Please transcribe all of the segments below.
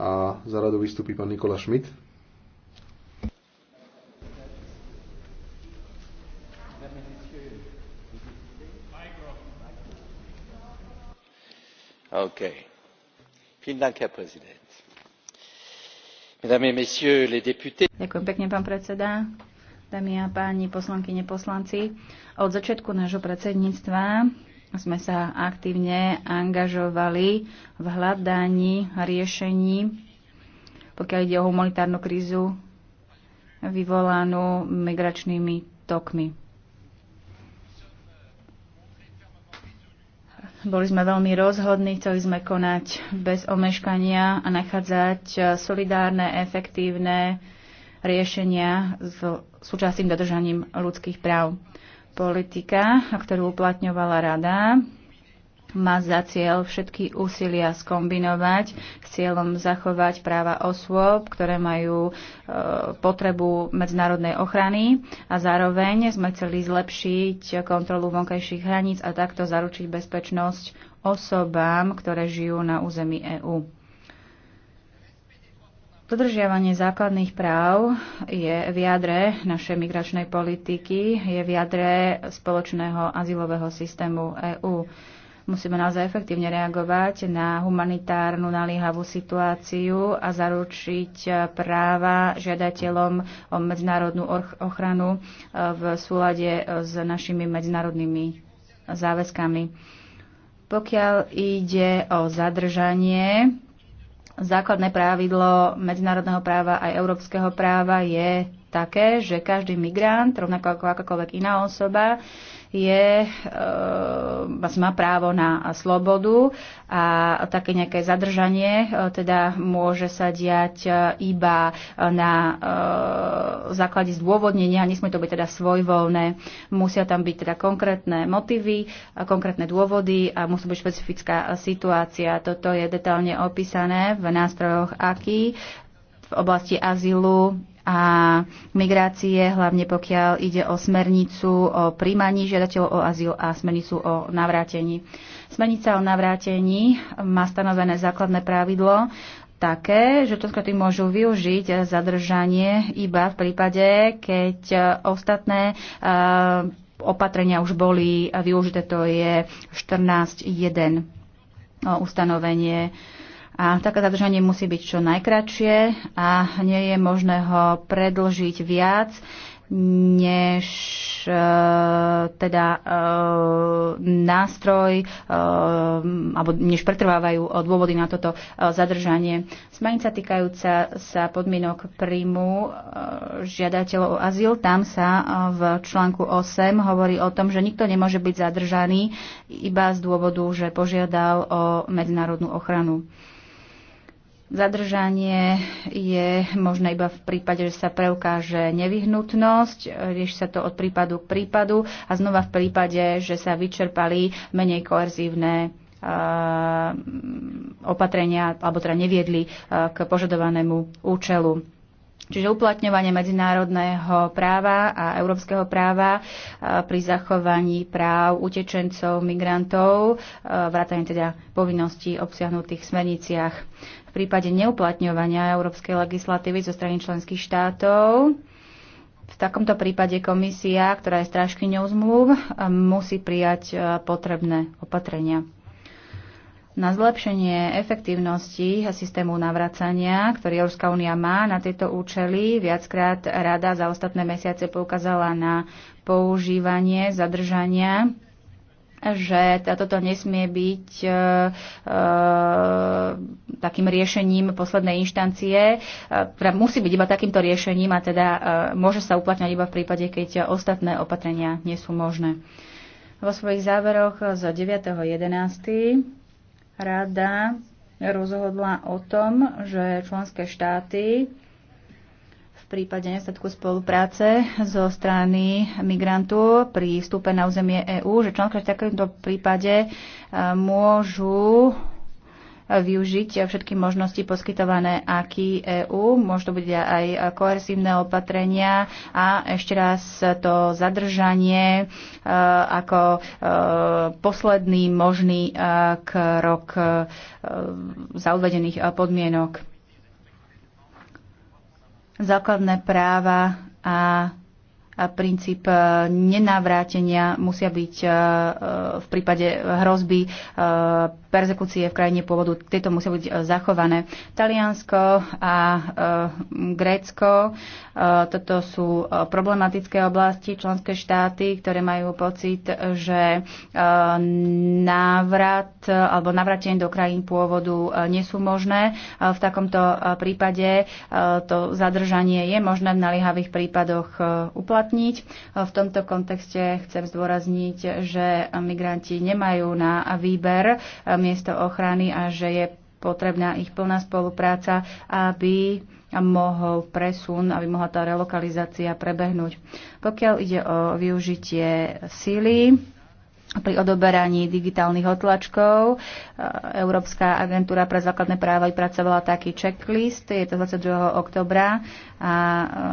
a za radu vystúpi pán Nikola Schmidt. OK. Ďakujem pekne, pán predseda. Dámy a páni poslanky, neposlanci. od začiatku nášho predsedníctva sme sa aktívne angažovali v hľadaní riešení, pokiaľ ide o humanitárnu krízu vyvolanú migračnými tokmi. Boli sme veľmi rozhodní, chceli sme konať bez omeškania a nachádzať solidárne, efektívne riešenia s súčasným dodržaním ľudských práv. Politika, ktorú uplatňovala rada, má za cieľ všetky úsilia skombinovať s cieľom zachovať práva osôb, ktoré majú e, potrebu medzinárodnej ochrany a zároveň sme chceli zlepšiť kontrolu vonkajších hraníc a takto zaručiť bezpečnosť osobám, ktoré žijú na území EÚ. Dodržiavanie základných práv je v jadre našej migračnej politiky, je v jadre spoločného azylového systému EÚ. Musíme naozaj efektívne reagovať na humanitárnu naliehavú situáciu a zaručiť práva žiadateľom o medzinárodnú ochranu e, v súlade s našimi medzinárodnými záväzkami. Pokiaľ ide o zadržanie, základné pravidlo medzinárodného práva aj európskeho práva je také, že každý migrant, rovnako ako akákoľvek iná osoba, je, eh, má právo na slobodu a také nejaké zadržanie eh, teda môže sa diať eh, iba na základe zdôvodnenia, nesmie to byť teda svojvoľné, musia tam byť teda konkrétne motivy, konkrétne dôvody a musí byť špecifická situácia. Toto je detálne opísané v nástrojoch AKI v oblasti azylu a migrácie, hlavne pokiaľ ide o smernicu o príjmaní žiadateľov o azyl a smernicu o navrátení. Smernica o navrátení má stanovené základné pravidlo, také, že to skratky môžu využiť zadržanie iba v prípade, keď ostatné eh, opatrenia už boli využité, to je 14.1 eh, ustanovenie a také zadržanie musí byť čo najkračšie a nie je možné ho predlžiť viac, než e, teda e, nástroj e, alebo než pretrvávajú e, dôvody na toto e, zadržanie. Smanica týkajúca sa podmienok príjmu e, žiadateľov o azyl, tam sa e, v článku 8 hovorí o tom, že nikto nemôže byť zadržaný iba z dôvodu, že požiadal o medzinárodnú ochranu. Zadržanie je možné iba v prípade, že sa preukáže nevyhnutnosť, rieši sa to od prípadu k prípadu a znova v prípade, že sa vyčerpali menej koerzívne eh, opatrenia, alebo teda neviedli eh, k požadovanému účelu. Čiže uplatňovanie medzinárodného práva a európskeho práva eh, pri zachovaní práv utečencov, migrantov, vrátane teda povinností obsiahnutých v smerniciach v prípade neuplatňovania európskej legislatívy zo strany členských štátov. V takomto prípade komisia, ktorá je strážkyňou zmluv, musí prijať e, potrebné opatrenia. Na zlepšenie efektívnosti a systému navracania, ktorý Európska únia má na tieto účely, viackrát rada za ostatné mesiace poukázala na používanie zadržania že toto nesmie byť e, e, takým riešením poslednej inštancie. E, teda musí byť iba takýmto riešením a teda e, môže sa uplatňovať iba v prípade, keď ostatné opatrenia nie sú možné. Vo svojich záveroch z 9.11. rada rozhodla o tom, že členské štáty prípade nedostatku spolupráce zo strany migrantu pri vstupe na územie EÚ, že členské v takomto prípade e, môžu e, využiť všetky možnosti poskytované aký EÚ. Môžu to byť aj koersívne opatrenia a ešte raz to zadržanie e, ako posledný možný krok za uvedených podmienok základné práva a a princíp e, nenavrátenia musia byť e, e, v prípade hrozby persekúcie v krajine pôvodu, tieto musia byť e, zachované. Taliansko a e, Grécko, e, toto sú problematické oblasti, členské štáty, ktoré majú pocit, že návrat alebo navratenie do krajín pôvodu nie sú možné. V takomto prípade to zadržanie je možné v naliehavých prípadoch uplatniť. V tomto kontexte chcem zdôrazniť, že migranti nemajú na výber miesto ochrany a že je potrebná ich plná spolupráca, aby mohol presun, aby mohla tá relokalizácia prebehnúť. Pokiaľ ide o využitie síly, pri odoberaní digitálnych otlačkov. E, Európska agentúra pre základné práva vypracovala taký checklist, je to 22. oktobra a e,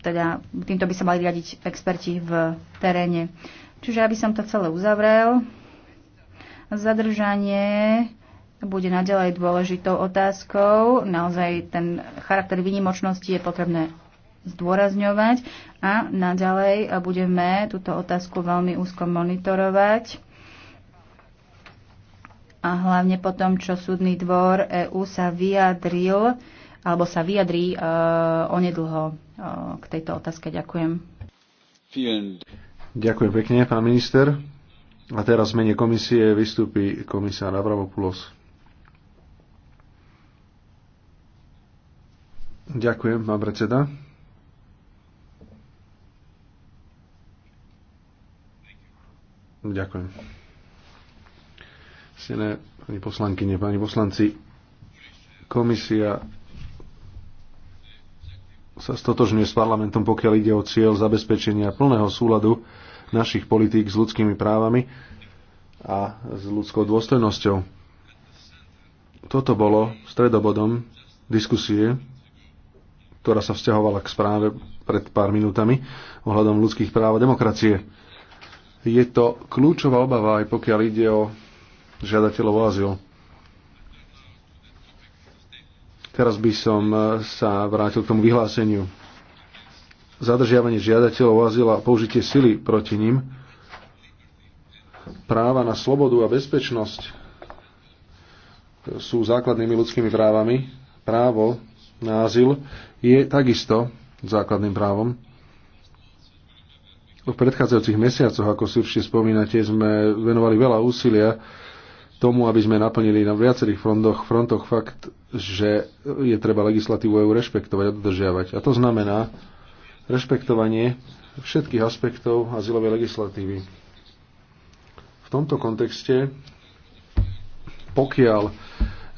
teda týmto by sa mali riadiť experti v teréne. Čiže aby som to celé uzavrel, Zadržanie bude naďalej dôležitou otázkou. Naozaj ten charakter výnimočnosti je potrebné zdôrazňovať a naďalej budeme túto otázku veľmi úzko monitorovať a hlavne po tom, čo súdny dvor EÚ sa vyjadril alebo sa vyjadrí e, onedlho e, k tejto otázke. Ďakujem. Ďakujem pekne, pán minister. A teraz v mene komisie vystúpi komisár Avramopoulos. Ďakujem, pán predseda. Ďakujem. Sine, pani poslankyne, pani poslanci, komisia sa stotožňuje s parlamentom, pokiaľ ide o cieľ zabezpečenia plného súladu našich politík s ľudskými právami a s ľudskou dôstojnosťou. Toto bolo stredobodom diskusie, ktorá sa vzťahovala k správe pred pár minútami ohľadom ľudských práv a demokracie. Je to kľúčová obava, aj pokiaľ ide o žiadateľov o azyl. Teraz by som sa vrátil k tomu vyhláseniu zadržiavanie žiadateľov o azyl a použitie sily proti ním, práva na slobodu a bezpečnosť e, sú základnými ľudskými právami. Právo na azyl je takisto základným právom. V predchádzajúcich mesiacoch, ako si určite spomínate, sme venovali veľa úsilia tomu, aby sme naplnili na viacerých frontoch, frontoch fakt, že je treba legislatívu EU rešpektovať a dodržiavať. A to znamená, rešpektovanie všetkých aspektov azylovej legislatívy. V tomto kontexte, pokiaľ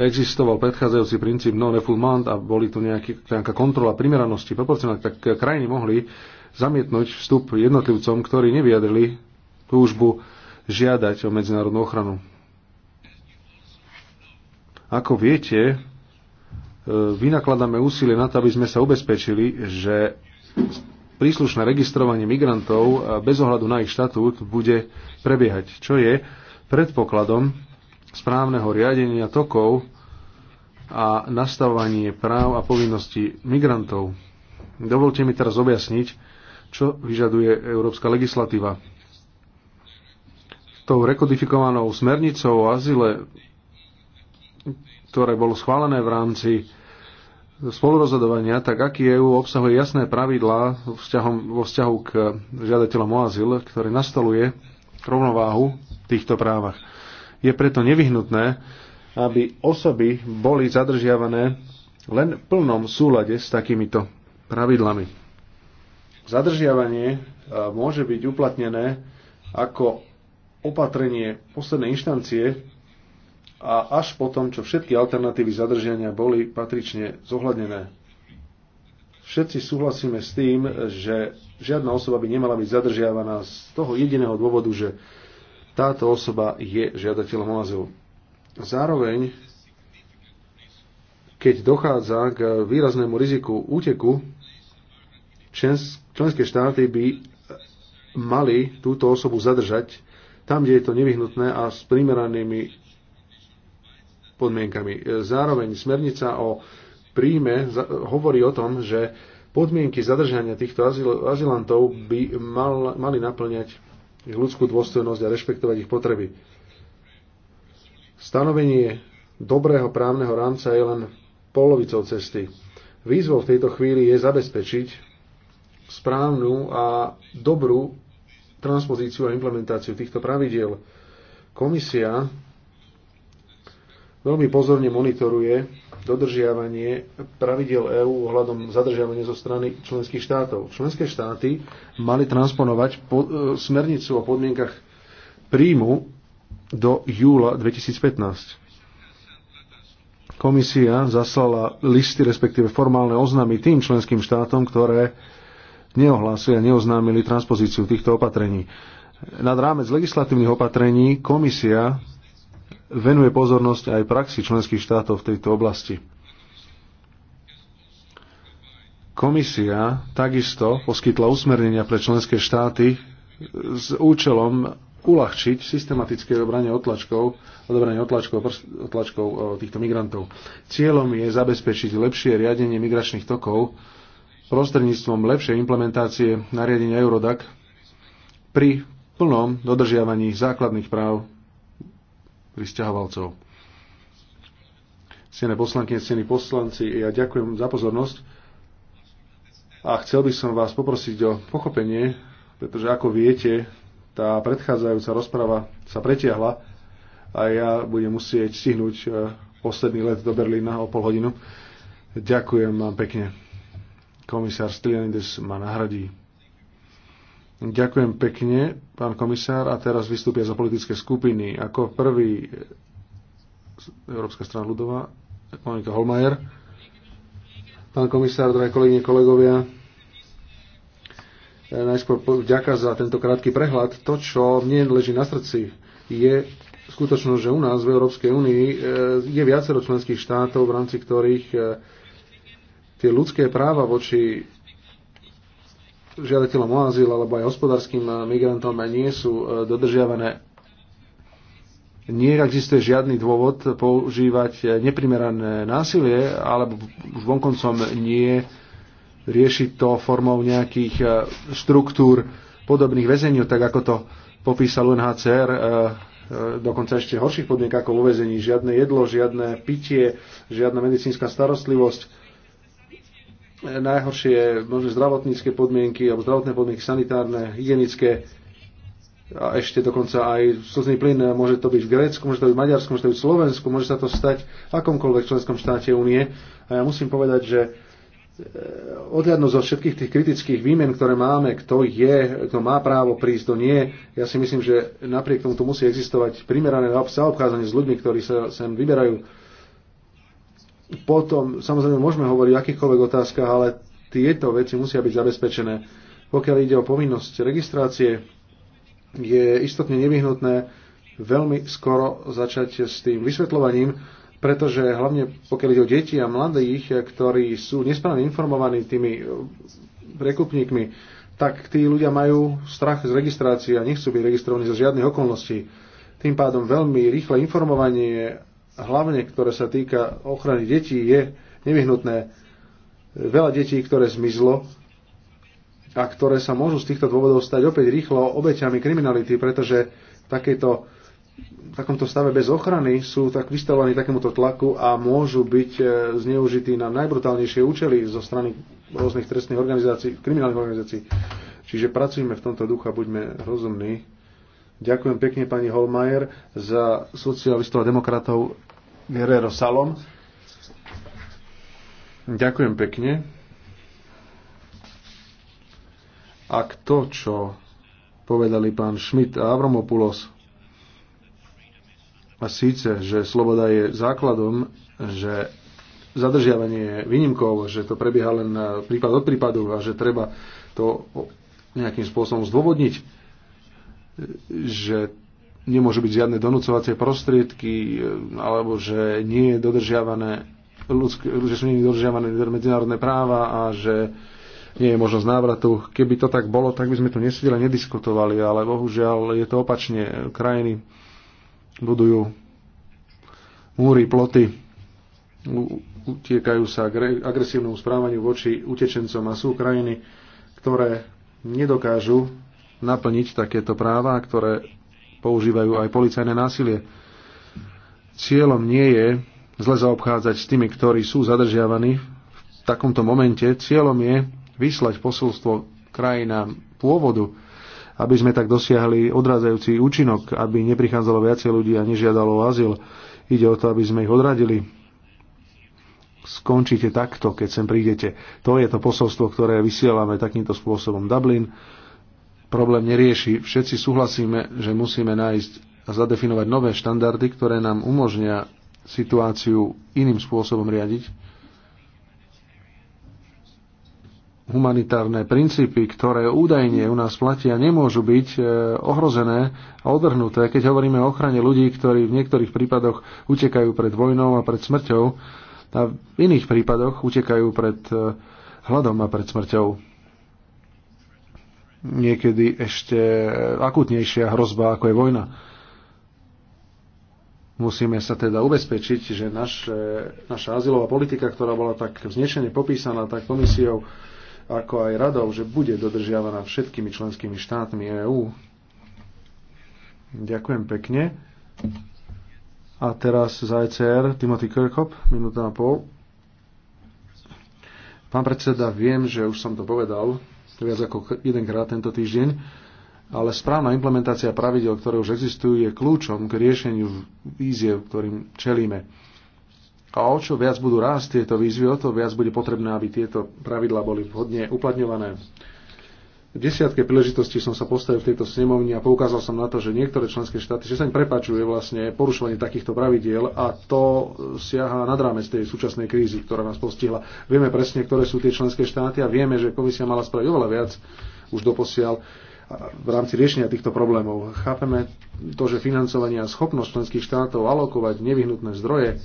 existoval predchádzajúci princíp non refoulement a boli tu nejaký, nejaká kontrola primeranosti, proporcionálne, tak krajiny mohli zamietnúť vstup jednotlivcom, ktorí nevyjadrili túžbu žiadať o medzinárodnú ochranu. Ako viete, e, vynakladáme úsilie na to, aby sme sa ubezpečili, že príslušné registrovanie migrantov e, bez ohľadu na ich štatút bude prebiehať, čo je predpokladom správneho riadenia tokov a nastavovanie práv a povinností migrantov. Dovolte mi teraz objasniť, čo vyžaduje európska legislatíva. Tou rekodifikovanou smernicou o azile, ktoré bolo schválené v rámci spolurozhodovania, tak aký EU obsahuje jasné pravidlá vo vzťahu k žiadateľom o azyl, ktoré nastoluje rovnováhu v týchto právach. Je preto nevyhnutné, aby osoby boli zadržiavané len v plnom súlade s takýmito pravidlami. Zadržiavanie e, môže byť uplatnené ako opatrenie poslednej inštancie a až po tom, čo všetky alternatívy zadržania boli patrične zohľadnené. Všetci súhlasíme s tým, že žiadna osoba by nemala byť zadržiavaná z toho jediného dôvodu, že táto osoba je žiadateľom o azyl. Zároveň, keď dochádza k výraznému riziku úteku, členské štáty by mali túto osobu zadržať tam, kde je to nevyhnutné a s primeranými podmienkami. Zároveň smernica o príjme hovorí o tom, že podmienky zadržania týchto azil, azilantov by mal, mali naplňať ich ľudskú dôstojnosť a rešpektovať ich potreby. Stanovenie dobrého právneho rámca je len polovicou cesty. Výzvou v tejto chvíli je zabezpečiť správnu a dobrú transpozíciu a implementáciu týchto pravidiel. Komisia veľmi pozorne monitoruje dodržiavanie pravidel EÚ ohľadom zadržiavania zo strany členských štátov. Členské štáty mali transponovať po, e, smernicu o podmienkach príjmu do júla 2015. Komisia zaslala listy, respektíve formálne oznámy tým členským štátom, ktoré neohlásili a neoznámili transpozíciu týchto opatrení. Nad rámec legislatívnych opatrení komisia venuje pozornosť aj praxi členských štátov v tejto oblasti. Komisia takisto poskytla usmernenia pre členské štáty s účelom uľahčiť systematické obranie otlačkov, odobranie otlačkov, otlačkov e, týchto migrantov. Cieľom je zabezpečiť lepšie riadenie migračných tokov prostredníctvom lepšej implementácie nariadenia Eurodac pri plnom dodržiavaní základných práv pristahovalcov. Ctené poslanky, ctení poslanci, ja ďakujem za pozornosť a chcel by som vás poprosiť o pochopenie, pretože ako viete, tá predchádzajúca rozprava sa pretiahla a ja budem musieť stihnúť e, posledný let do Berlína o pol hodinu. Ďakujem vám pekne. Komisár Stylianides ma nahradí. Ďakujem pekne, pán komisár. A teraz vystúpia za politické skupiny. Ako prvý Európska strana ľudová, Monika Holmajer. Pán komisár, drahé kolegyne, kolegovia, najskôr ďaká za tento krátky prehľad. To, čo mne leží na srdci, je skutočnosť, že u nás v Európskej únii eh, je viacero členských štátov, v rámci ktorých eh, tie ľudské práva voči žiadateľom o azyl alebo aj hospodárským eh, migrantom eh, nie sú eh, dodržiavané. existuje žiadny dôvod používať neprimerané násilie alebo už vonkoncom nie riešiť to formou nejakých štruktúr podobných väzeniu, tak ako to popísal UNHCR, dokonca ešte horších podmienk ako vo väzení. Žiadne jedlo, žiadne pitie, žiadna medicínska starostlivosť najhoršie možno zdravotnícke podmienky alebo zdravotné podmienky sanitárne, hygienické a ešte dokonca aj slzný plyn, môže to byť v Grécku, môže to byť v Maďarsku, môže to byť v Slovensku, môže sa to stať v akomkoľvek členskom štáte únie. A ja musím povedať, že e, odhľadnúť zo všetkých tých kritických výmen, ktoré máme, kto je, kto má právo prísť, kto nie, ja si myslím, že napriek tomu tu musí existovať primerané zaobchádzanie s ľuďmi, ktorí sa sem vyberajú potom, samozrejme, môžeme hovoriť o akýchkoľvek otázkach, ale tieto veci musia byť zabezpečené. Pokiaľ ide o povinnosť registrácie, je istotne nevyhnutné veľmi skoro začať s tým vysvetľovaním, pretože hlavne pokiaľ ide o deti a mladých, ktorí sú nesprávne informovaní tými eh, prekupníkmi, tak tí ľudia majú strach z registrácie a nechcú byť registrovaní za žiadnych okolností. Tým pádom veľmi rýchle informovanie hlavne ktoré sa týka ochrany detí, je nevyhnutné. Veľa detí, ktoré zmizlo a ktoré sa môžu z týchto dôvodov stať opäť rýchlo obeťami kriminality, pretože takéto, v takomto stave bez ochrany sú tak vystavovaní takémuto tlaku a môžu byť e, zneužití na najbrutálnejšie účely zo strany rôznych trestných organizácií, kriminálnych organizácií. Čiže pracujeme v tomto duchu a buďme rozumní. Ďakujem pekne pani Holmajer za socialistov a demokratov Guerrero Salom. Ďakujem pekne. Ak to, čo povedali pán Schmidt a Avramopoulos, a síce, že sloboda je základom, že zadržiavanie je výnimkov, že to prebieha len prípad od prípadu a že treba to nejakým spôsobom zdôvodniť, že nemôžu byť žiadne donúcovacie prostriedky, e, alebo že nie je dodržiavané ľudské, že sú nie dodržiavané medzinárodné práva a že nie je možnosť návratu. Keby to tak bolo, tak by sme tu nesedeli, nediskutovali, ale bohužiaľ je to opačne. Krajiny budujú múry, ploty, utiekajú sa agresívnom správaniu voči utečencom a sú krajiny, ktoré nedokážu naplniť takéto práva, ktoré používajú aj policajné násilie. Cieľom nie je zle zaobchádzať s tými, ktorí sú zadržiavaní v takomto momente. Cieľom je vyslať posolstvo krajinám pôvodu, aby sme tak dosiahli odrádzajúci účinok, aby neprichádzalo viacej ľudí a nežiadalo o azyl. Ide o to, aby sme ich odradili. Skončíte takto, keď sem prídete. To je to posolstvo, ktoré vysielame takýmto spôsobom. Dublin problém nerieši. Všetci súhlasíme, že musíme nájsť a zadefinovať nové štandardy, ktoré nám umožnia situáciu iným spôsobom riadiť. Humanitárne princípy, ktoré údajne u nás platia, nemôžu byť e, ohrozené a odvrhnuté. Keď hovoríme o ochrane ľudí, ktorí v niektorých prípadoch utekajú pred vojnou a pred smrťou, a v iných prípadoch utekajú pred e, hladom a pred smrťou niekedy ešte akutnejšia hrozba, ako je vojna. Musíme sa teda ubezpečiť, že naš, naša azylová politika, ktorá bola tak vznešene popísaná tak komisiou, ako aj radou, že bude dodržiavaná všetkými členskými štátmi EÚ. Ďakujem pekne. A teraz za ECR Timothy Kirkhope, minúta a pol. Pán predseda, viem, že už som to povedal, viac ako jedenkrát tento týždeň, ale správna implementácia pravidel, ktoré už existujú, je kľúčom k riešeniu výziev, ktorým čelíme. A o čo viac budú rásť tieto výzvy, o to viac bude potrebné, aby tieto pravidlá boli vhodne uplatňované desiatke príležitosti som sa postavil v tejto snemovni a poukázal som na to, že niektoré členské štáty, že sa im prepačuje vlastne porušovanie takýchto pravidiel a to siaha nad rámec tej súčasnej krízy, ktorá nás postihla. Vieme presne, ktoré sú tie členské štáty a vieme, že komisia mala spraviť oveľa viac už doposiaľ v rámci riešenia týchto problémov. Chápeme to, že financovanie a schopnosť členských štátov alokovať nevyhnutné zdroje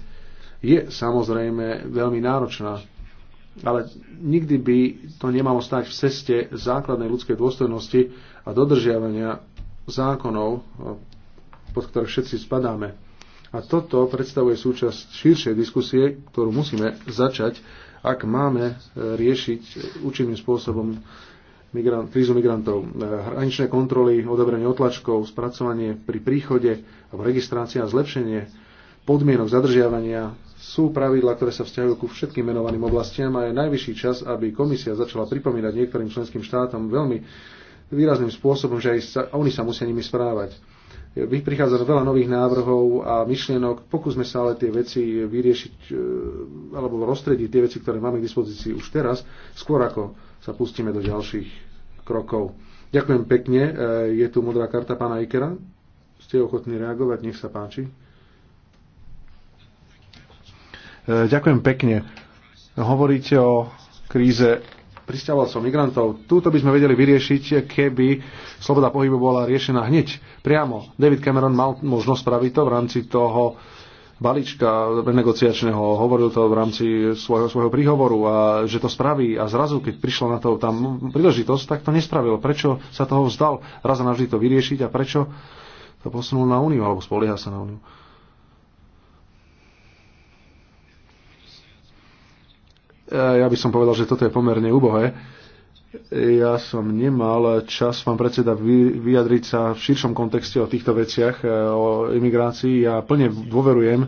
je samozrejme veľmi náročná ale nikdy by to nemalo stať v ceste základnej ľudskej dôstojnosti a dodržiavania zákonov, pod ktoré všetci spadáme. A toto predstavuje súčasť širšej diskusie, ktorú musíme začať, ak máme e, riešiť účinným spôsobom migrant, krízu migrantov. E, hraničné kontroly, odobrenie otlačkov, spracovanie pri príchode alebo registrácia a zlepšenie podmienok zadržiavania sú pravidla, ktoré sa vzťahujú ku všetkým menovaným oblastiam a je najvyšší čas, aby komisia začala pripomínať niektorým členským štátom veľmi výrazným spôsobom, že aj sa, oni sa musia nimi správať. Prichádza veľa nových návrhov a myšlienok. Pokúsme sa ale tie veci vyriešiť e, alebo rozstrediť tie veci, ktoré máme k dispozícii už teraz, skôr ako sa pustíme do ďalších krokov. Ďakujem pekne. E, je tu modrá karta pána Ikera. Ste ochotní reagovať? Nech sa páči. E, ďakujem pekne. Hovoríte o kríze pristahovalcov, migrantov. Túto by sme vedeli vyriešiť, keby sloboda pohybu bola riešená hneď, priamo. David Cameron mal možnosť spraviť to v rámci toho balíčka negociačného, hovoril to v rámci svojho, svojho príhovoru a že to spraví a zrazu, keď prišla na to tam príležitosť, tak to nespravil. Prečo sa toho vzdal raz a navždy to vyriešiť a prečo to posunul na Úniu alebo spolieha sa na Úniu? Ja by som povedal, že toto je pomerne ubohé. Ja som nemal čas, pán predseda, vyjadriť sa v širšom kontexte o týchto veciach, e, o imigrácii. Ja plne dôverujem e,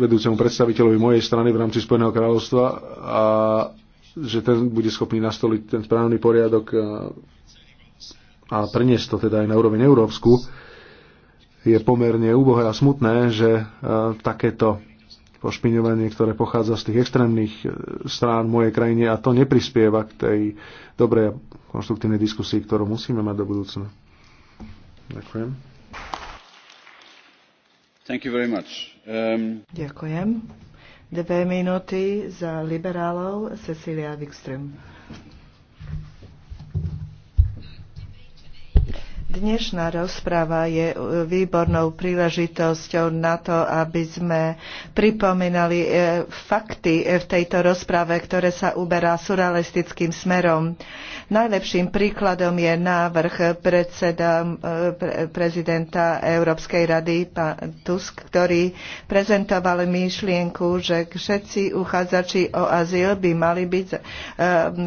vedúcemu predstaviteľovi mojej strany v rámci Spojeného kráľovstva a že ten bude schopný nastoliť ten správny poriadok a preniesť to teda aj na úroveň európsku. Je pomerne úbohé a smutné, že e, takéto pošpiňovanie, ktoré pochádza z tých extrémnych e, strán mojej krajine a to neprispieva k tej dobrej a konštruktívnej diskusii, ktorú musíme mať do budúcna. Ďakujem. Thank you very much. Um... Ďakujem. Dve minúty za liberálov Cecilia Wikström. Dnešná rozpráva je e, výbornou príležitosťou na to, aby sme pripomínali e, fakty e, v tejto rozprave, ktoré sa uberá surrealistickým smerom. Najlepším príkladom je návrh predseda, prezidenta Európskej rady pán Tusk, ktorý prezentoval myšlienku, že všetci uchádzači o azyl by mali byť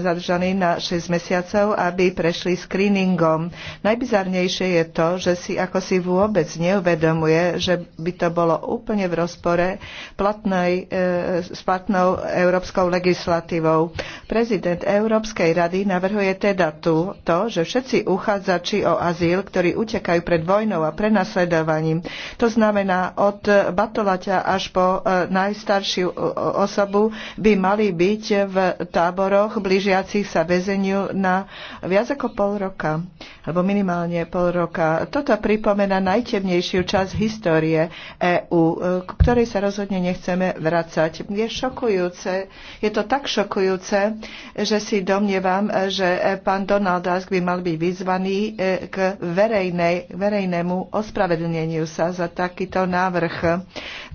zadržaní na 6 mesiacov, aby prešli screeningom. Najbizarne najsmutnejšie je to, že si ako si vôbec neuvedomuje, že by to bolo úplne v rozpore platnej, e, s platnou európskou legislatívou. Prezident Európskej rady navrhuje teda tu to, že všetci uchádzači o azyl, ktorí utekajú pred vojnou a prenasledovaním, to znamená od batolaťa až po e, najstaršiu osobu, by mali byť v táboroch blížiacich sa väzeniu na viac ako pol roka, alebo minimálne pol roka. Toto pripomena najtemnejšiu časť histórie EÚ, k ktorej sa rozhodne nechceme vracať. Je šokujúce, je to tak šokujúce, že si domnievam, že pán Donald Tusk by mal byť vyzvaný e, k verejnej, verejnému ospravedlneniu sa za takýto návrh.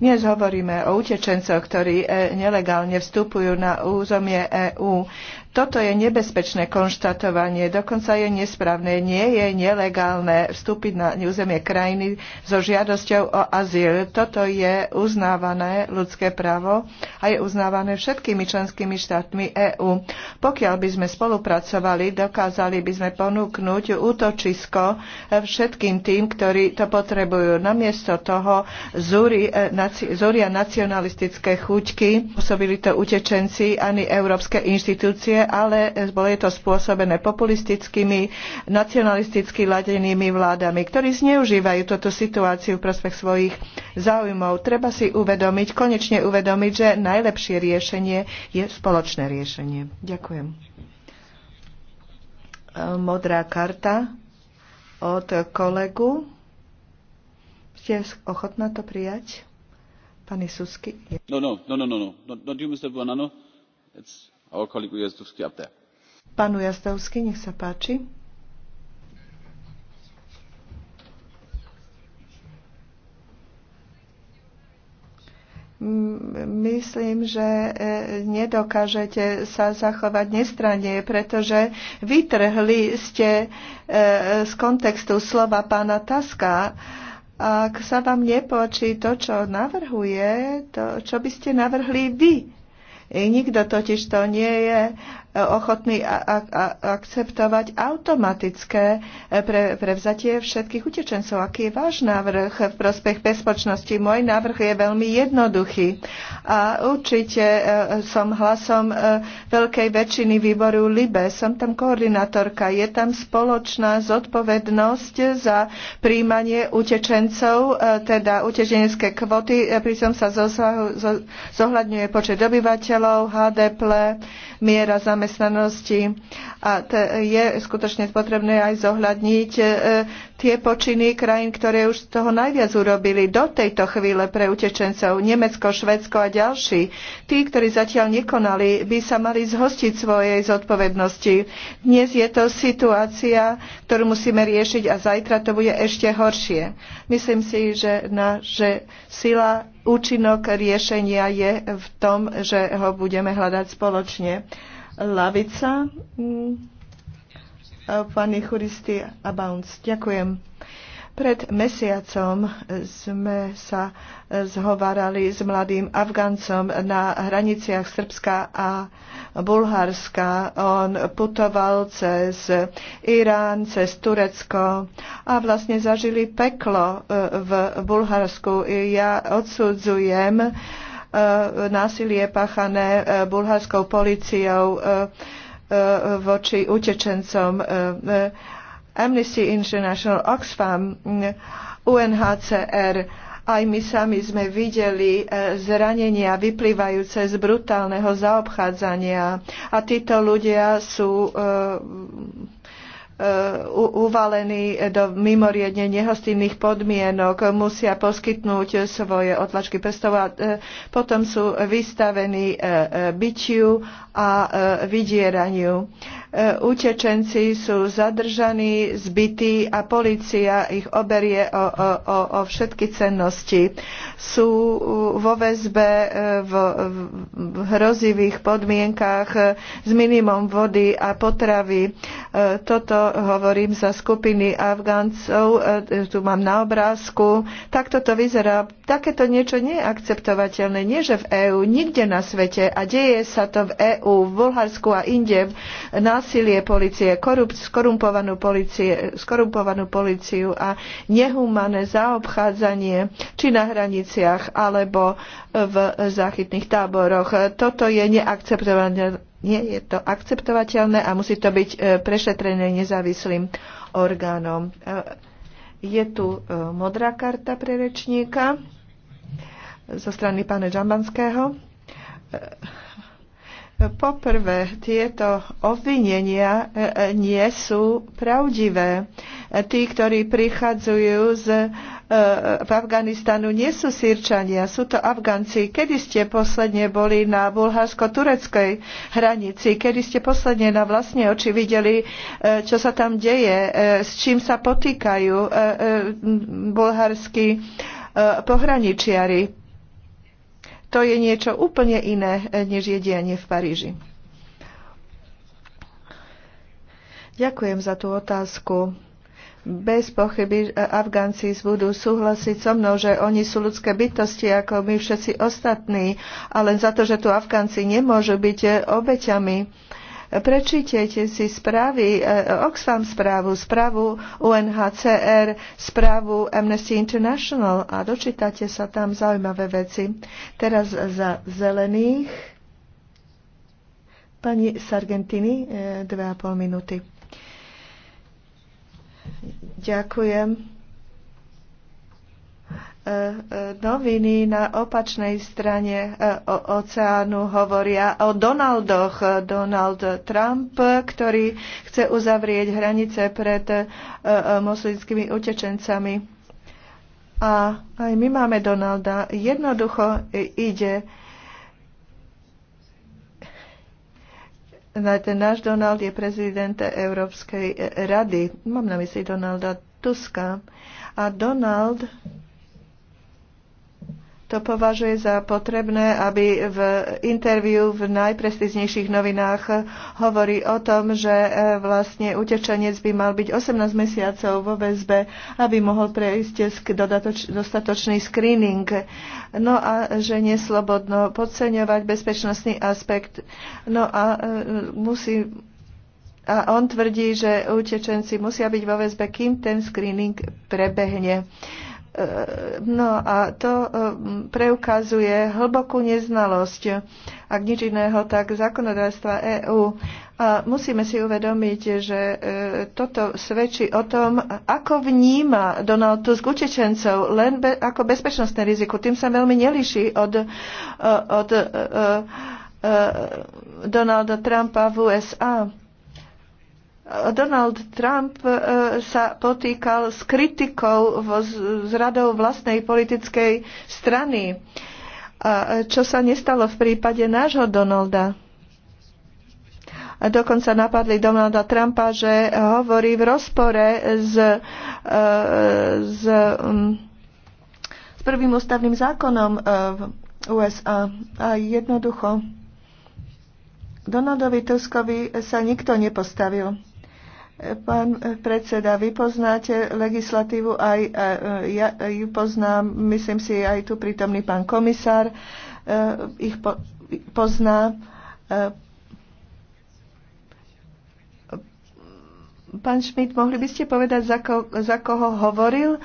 Dnes hovoríme o utečencoch, ktorí e, nelegálne vstupujú na územie EÚ. Toto je nebezpečné konštatovanie, dokonca je nesprávne. Nie je nelegálne vstúpiť na územie krajiny so žiadosťou o azyl. Toto je uznávané ľudské právo a je uznávané všetkými členskými štátmi EÚ. Pokiaľ by sme spolupracovali, dokázali by sme ponúknuť útočisko všetkým tým, ktorí to potrebujú. Namiesto toho zúri, e, zúria nacionalistické chuťky, pôsobili to utečenci ani európske inštitúcie, ale bolo je to spôsobené populistickými, nacionalisticky ladenými vládami, ktorí zneužívajú túto situáciu v prospech svojich záujmov. Treba si uvedomiť, konečne uvedomiť, že najlepšie riešenie je spoločné riešenie. Ďakujem. Modrá karta od kolegu. Ste ochotná to prijať? Pani Susky? No, no, no, no, no, no. no, no, no, no, no Panu Ujazdovský, nech sa páči. myslím, že e, nedokážete sa zachovať nestranne, pretože vytrhli ste e, z kontextu slova pána Taska. Ak sa vám nepočí to, čo navrhuje, to, čo by ste navrhli vy, Nikto totiž to nie je ochotní akceptovať automatické e, prevzatie všetkých utečencov. Aký je váš návrh v prospech bezpočnosti. Môj návrh je veľmi jednoduchý a určite e, som hlasom e, veľkej väčšiny výboru LIBE. Som tam koordinátorka. Je tam spoločná zodpovednosť za príjmanie utečencov, teda utečenecké kvoty, pričom sa zohľadňuje počet obyvateľov, HDP, miera za nezamestnanosti. A je skutočne potrebné aj zohľadniť e, tie počiny krajín, ktoré už z toho najviac urobili do tejto chvíle pre utečencov. Nemecko, Švedsko a ďalší. Tí, ktorí zatiaľ nekonali, by sa mali zhostiť svojej zodpovednosti. Dnes je to situácia, ktorú musíme riešiť a zajtra to bude ešte horšie. Myslím si, že, na, že sila účinok riešenia je v tom, že ho budeme hľadať spoločne lavica mm, pani Churisty Abounds. Ďakujem. Pred mesiacom sme sa zhovarali s mladým Afgancom na hraniciach Srbska a Bulharska. On putoval cez Irán, cez Turecko a vlastne zažili peklo e, v Bulharsku. Ja odsudzujem E, násilie páchané e, bulharskou policiou e, voči utečencom. Amnesty International, Oxfam, UNHCR, aj my sami sme videli zranenia vyplývajúce z brutálneho zaobchádzania a títo ľudia sú uvalení do mimoriadne nehostinných podmienok, musia poskytnúť svoje otlačky prstov a e, potom sú vystavení e, e, byčiu a vydieraniu. E, utečenci sú zadržaní, zbytí a policia ich oberie o, o, o všetky cennosti. Sú vo väzbe e, v, v hrozivých podmienkách e, s minimum vody a potravy. Toto hovorím za skupiny Afgáncov. Tu mám na obrázku. Takto to vyzerá. Takéto niečo nie je akceptovateľné. Nie, že v EÚ, nikde na svete. A deje sa to v EÚ, v Bulharsku a inde. Na násilie policie, korup, skorumpovanú, policie, skorumpovanú policiu a nehumané zaobchádzanie či na hraniciach alebo v záchytných táboroch. Toto je neakceptovateľné. Nie je to akceptovateľné a musí to byť e, prešetrené nezávislým orgánom. E, je tu e, modrá karta pre rečníka zo strany pána Džambanského. Poprvé, tieto obvinenia e, e, nie sú pravdivé. Tí, ktorí prichádzajú z e, v Afganistanu nie sú sírčania, sú to Afganci. Kedy ste posledne boli na bulharsko-tureckej hranici? Kedy ste posledne na vlastne oči videli, čo sa tam deje, s čím sa potýkajú bulharskí pohraničiari? To je niečo úplne iné, eh, než je dianie v Paríži. Ďakujem za tú otázku. Bez pochyby eh, Afgánci budú súhlasiť so mnou, že oni sú ľudské bytosti ako my všetci ostatní ale za to, že tu Afgánci nemôžu byť eh, obeťami Prečítajte si správy, e, Oxfam správu, správu UNHCR, správu Amnesty International a dočítate sa tam zaujímavé veci. Teraz za zelených. Pani Sargentini, e, dve a pol minúty. Ďakujem noviny na opačnej strane e, oceánu hovoria o Donaldoch. Donald Trump, ktorý chce uzavrieť hranice pred e, moslimskými utečencami. A aj my máme Donalda. Jednoducho e, ide Ten náš Donald je prezident Európskej rady. Mám na mysli Donalda Tuska. A Donald to považuje za potrebné, aby v interviu v najprestižnejších novinách hovorí o tom, že e, vlastne utečenec by mal byť 18 mesiacov vo väzbe, aby mohol prejsť dostatočný screening. No a že neslobodno podceňovať bezpečnostný aspekt. No a e, musí a on tvrdí, že utečenci musia byť vo väzbe, kým ten screening prebehne. Uh, E, no a to e, preukazuje hlbokú neznalosť, ak nič iného, tak zákonodárstva EÚ. A musíme si uvedomiť, že e, toto svedčí o tom, ako vníma Donald Tusk utečencov len be, ako bezpečnostné riziko. Tým sa veľmi neliší od, od, od Donalda Trumpa v USA Donald Trump e, sa potýkal s kritikou z radou vlastnej politickej strany. A čo sa nestalo v prípade nášho Donalda? dokonca napadli Donalda Trumpa, že hovorí v rozpore s, e, s, s prvým ústavným zákonom e, v USA. A jednoducho Donaldovi Tuskovi sa nikto nepostavil. Pán predseda, vy poznáte legislatívu, aj e, e, ja ju poznám, myslím si, aj tu prítomný pán komisár e, ich po, pozná. Pán Schmidt, mohli by ste povedať, za, ko, za koho hovoril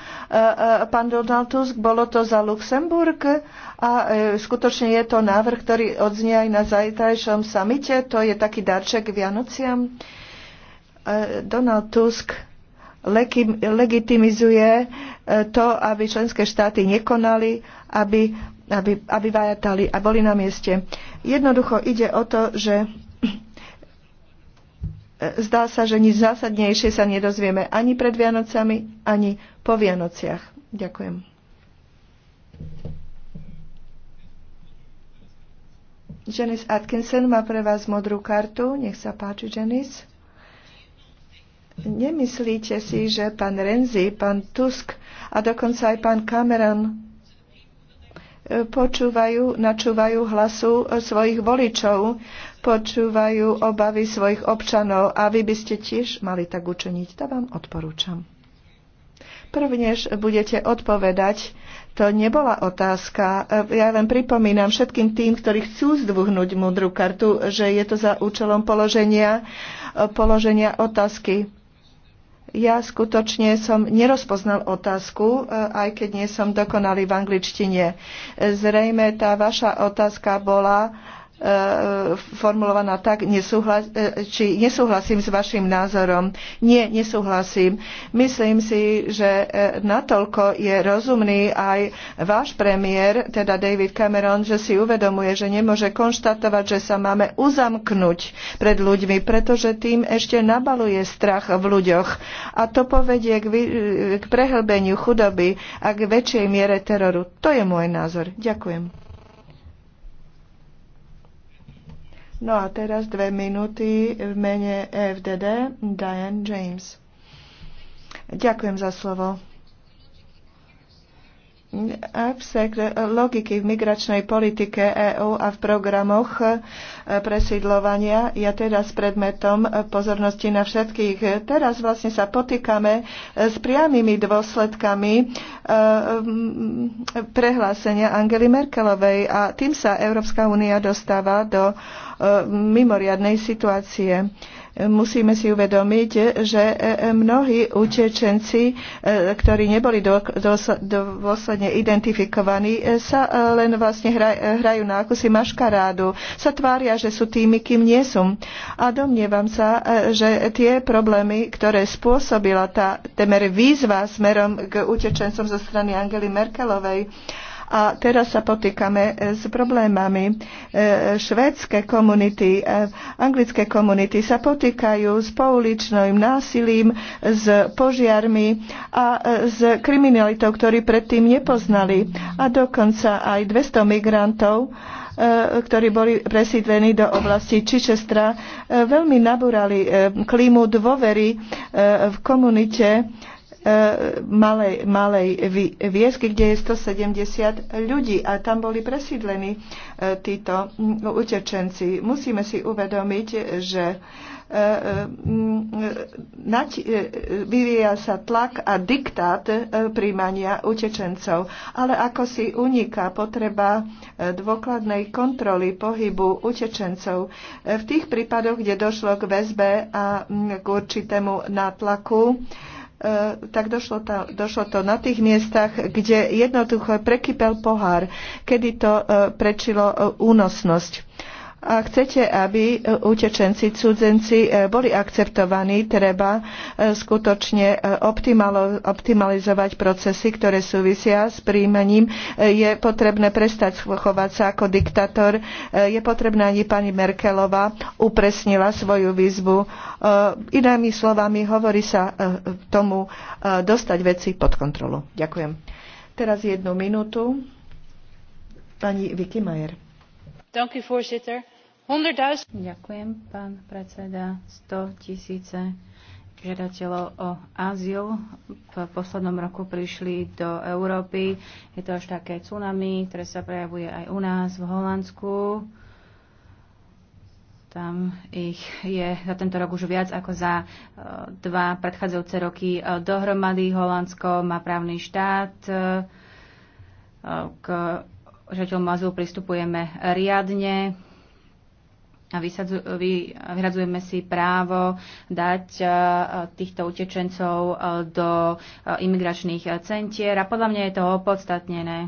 pán Donald Tusk? Bolo to za Luxemburg a skutočne je to návrh, ktorý odznie aj na zajtrajšom samite. To je taký darček Vianociam. Uh, E, Donald Tusk legitimizuje e, to, aby členské štáty nekonali, aby, aby, aby vajatali a boli na mieste. Jednoducho ide o to, že e, zdá sa, že nič zásadnejšie sa nedozvieme ani pred Vianocami, ani po Vianociach. Ďakujem. Janice Atkinson má pre vás modrú kartu. Nech sa páči, Janice. Nemyslíte si, že pán Renzi, pán Tusk a dokonca aj pán Cameron e, počúvajú, načúvajú hlasu svojich voličov, počúvajú obavy svojich občanov a vy by ste tiež mali tak učiniť. To vám odporúčam. Prvnež budete odpovedať, to nebola otázka. E, ja len pripomínam všetkým tým, ktorí chcú zdvuhnúť múdru kartu, že je to za účelom položenia, e, položenia otázky. Ja skutočne som nerozpoznal otázku, eh, aj keď nie som dokonalý v angličtine. Zrejme tá vaša otázka bola, E, formulovaná tak, nesúhlas, e, či nesúhlasím s vašim názorom. Nie, nesúhlasím. Myslím si, že e, natoľko je rozumný aj váš premiér, teda David Cameron, že si uvedomuje, že nemôže konštatovať, že sa máme uzamknúť pred ľuďmi, pretože tým ešte nabaluje strach v ľuďoch. A to povedie k, vy, k prehlbeniu chudoby a k väčšej miere teroru. To je môj názor. Ďakujem. No a teraz dve minúty v mene e FDD Diane James. Ďakujem za slovo. Absek logiky v migračnej politike EÚ a v programoch e, presídlovania je teraz predmetom pozornosti na všetkých. Teraz vlastne sa potýkame e, s priamými dôsledkami e, prehlásenia Angely Merkelovej a tým sa Európska únia dostáva do mimoriadnej situácie. Musíme si uvedomiť, že e, e, mnohí utečenci, e, ktorí neboli dôsledne identifikovaní, sa len vlastne hrajú na akúsi maškarádu, sa tvária, že sú tými, kým nie sú. A domnievam sa, že tie problémy, ktoré spôsobila tá temer výzva smerom k utečencom zo strany Angely Merkelovej, a teraz sa potýkame e, s problémami. E, švédske komunity, e, anglické komunity sa potýkajú s pouličným násilím, s požiarmi a s kriminalitou, ktorí predtým nepoznali. A dokonca aj 200 migrantov ktorí boli presídlení do oblasti Čičestra, veľmi nabúrali klímu dôvery v komunite E, malej, malej viesky, kde je 170 ľudí a tam boli presídlení e, títo utečenci. Musíme si uvedomiť, že e, vyvíja sa tlak a diktát príjmania utečencov. Ale ako si uniká potreba dôkladnej kontroly pohybu utečencov v tých prípadoch, kde došlo k väzbe a k určitému nátlaku, E, tak došlo, to, došlo to na tých miestach, kde jednoducho prekypel pohár, kedy to e, prečilo e, únosnosť. A chcete, aby e, utečenci, cudzenci e, boli akceptovaní, treba e, skutočne optimalizovať procesy, ktoré súvisia s príjmaním. Je potrebné prestať chovať sa ako diktátor. Je potrebné, ani pani Merkelová upresnila svoju výzvu. Inými slovami, hovorí sa tomu dostať veci pod kontrolu. Ďakujem. Teraz jednu minútu. Pani Vicky Majer. Dank u voorzitter Ďakujem, pán predseda. 100 tisíce žiadateľov o azyl v poslednom roku prišli do Európy. Je to až také tsunami, ktoré sa prejavuje aj u nás v Holandsku. Tam ich je za tento rok už viac ako za e, dva predchádzajúce roky e, dohromady. Holandsko má právny štát. E, k žiadateľom azylu pristupujeme riadne a vyhradzujeme si právo dať e, týchto utečencov e, do e, imigračných centier a podľa mňa je to opodstatnené.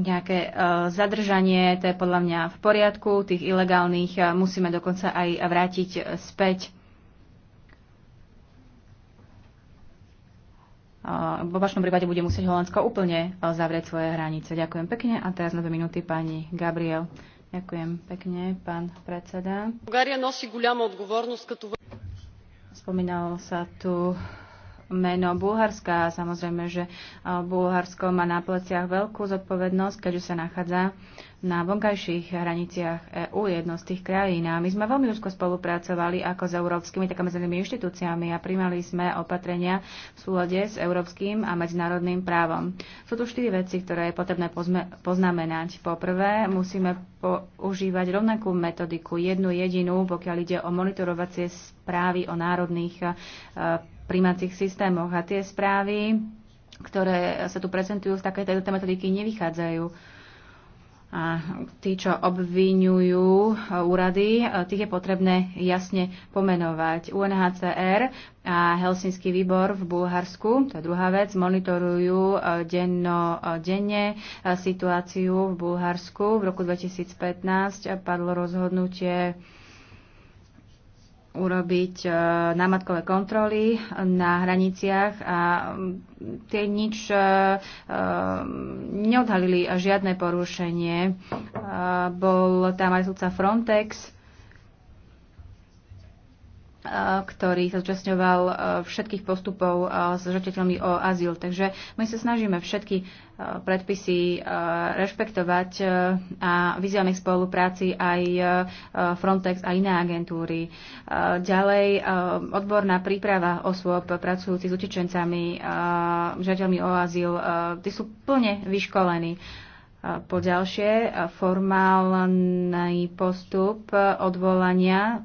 nejaké zadržanie, to je podľa mňa v poriadku, tých ilegálnych musíme dokonca aj vrátiť späť. v vašom prípade bude musieť Holandsko úplne e, zavrieť svoje hranice. Ďakujem pekne a teraz na dve minúty pani Gabriel. Ďakujem pekne, pán predseda. Spomínalo sa tu meno Bulharska. A samozrejme, že eh, Bulharsko má na pleciach veľkú zodpovednosť, keďže sa nachádza na vonkajších hraniciach EÚ, jedno z tých krajín. A my sme veľmi úzko spolupracovali ako s európskymi, tak medzinárodnými inštitúciami a primali sme opatrenia v súlade s európskym a medzinárodným právom. Sú tu štyri veci, ktoré je potrebné poznamenať. Po prvé, musíme používať rovnakú metodiku, jednu jedinú, pokiaľ ide o monitorovacie správy o národných eh, príjmacích systémoch. A tie správy, ktoré sa tu prezentujú z takéto metodiky, nevychádzajú. A tí, čo obvinujú úrady, tých je potrebné jasne pomenovať. UNHCR a Helsinský výbor v Bulharsku, to je druhá vec, monitorujú eh, denno, eh, denne eh, situáciu v Bulharsku. V roku 2015 padlo rozhodnutie urobiť e, námatkové kontroly na hraniciach a tie nič e, e, neodhalili žiadne porušenie. Bol tam aj sudca Frontex, ktorý sa zúčastňoval všetkých postupov s žiadateľmi o azyl. Takže my sa snažíme všetky predpisy rešpektovať a vyzývame k spolupráci aj Frontex a iné agentúry. Ďalej odborná príprava osôb pracujúcich s utečencami, žateľmi o azyl, tí sú plne vyškolení. Po ďalšie, formálny postup odvolania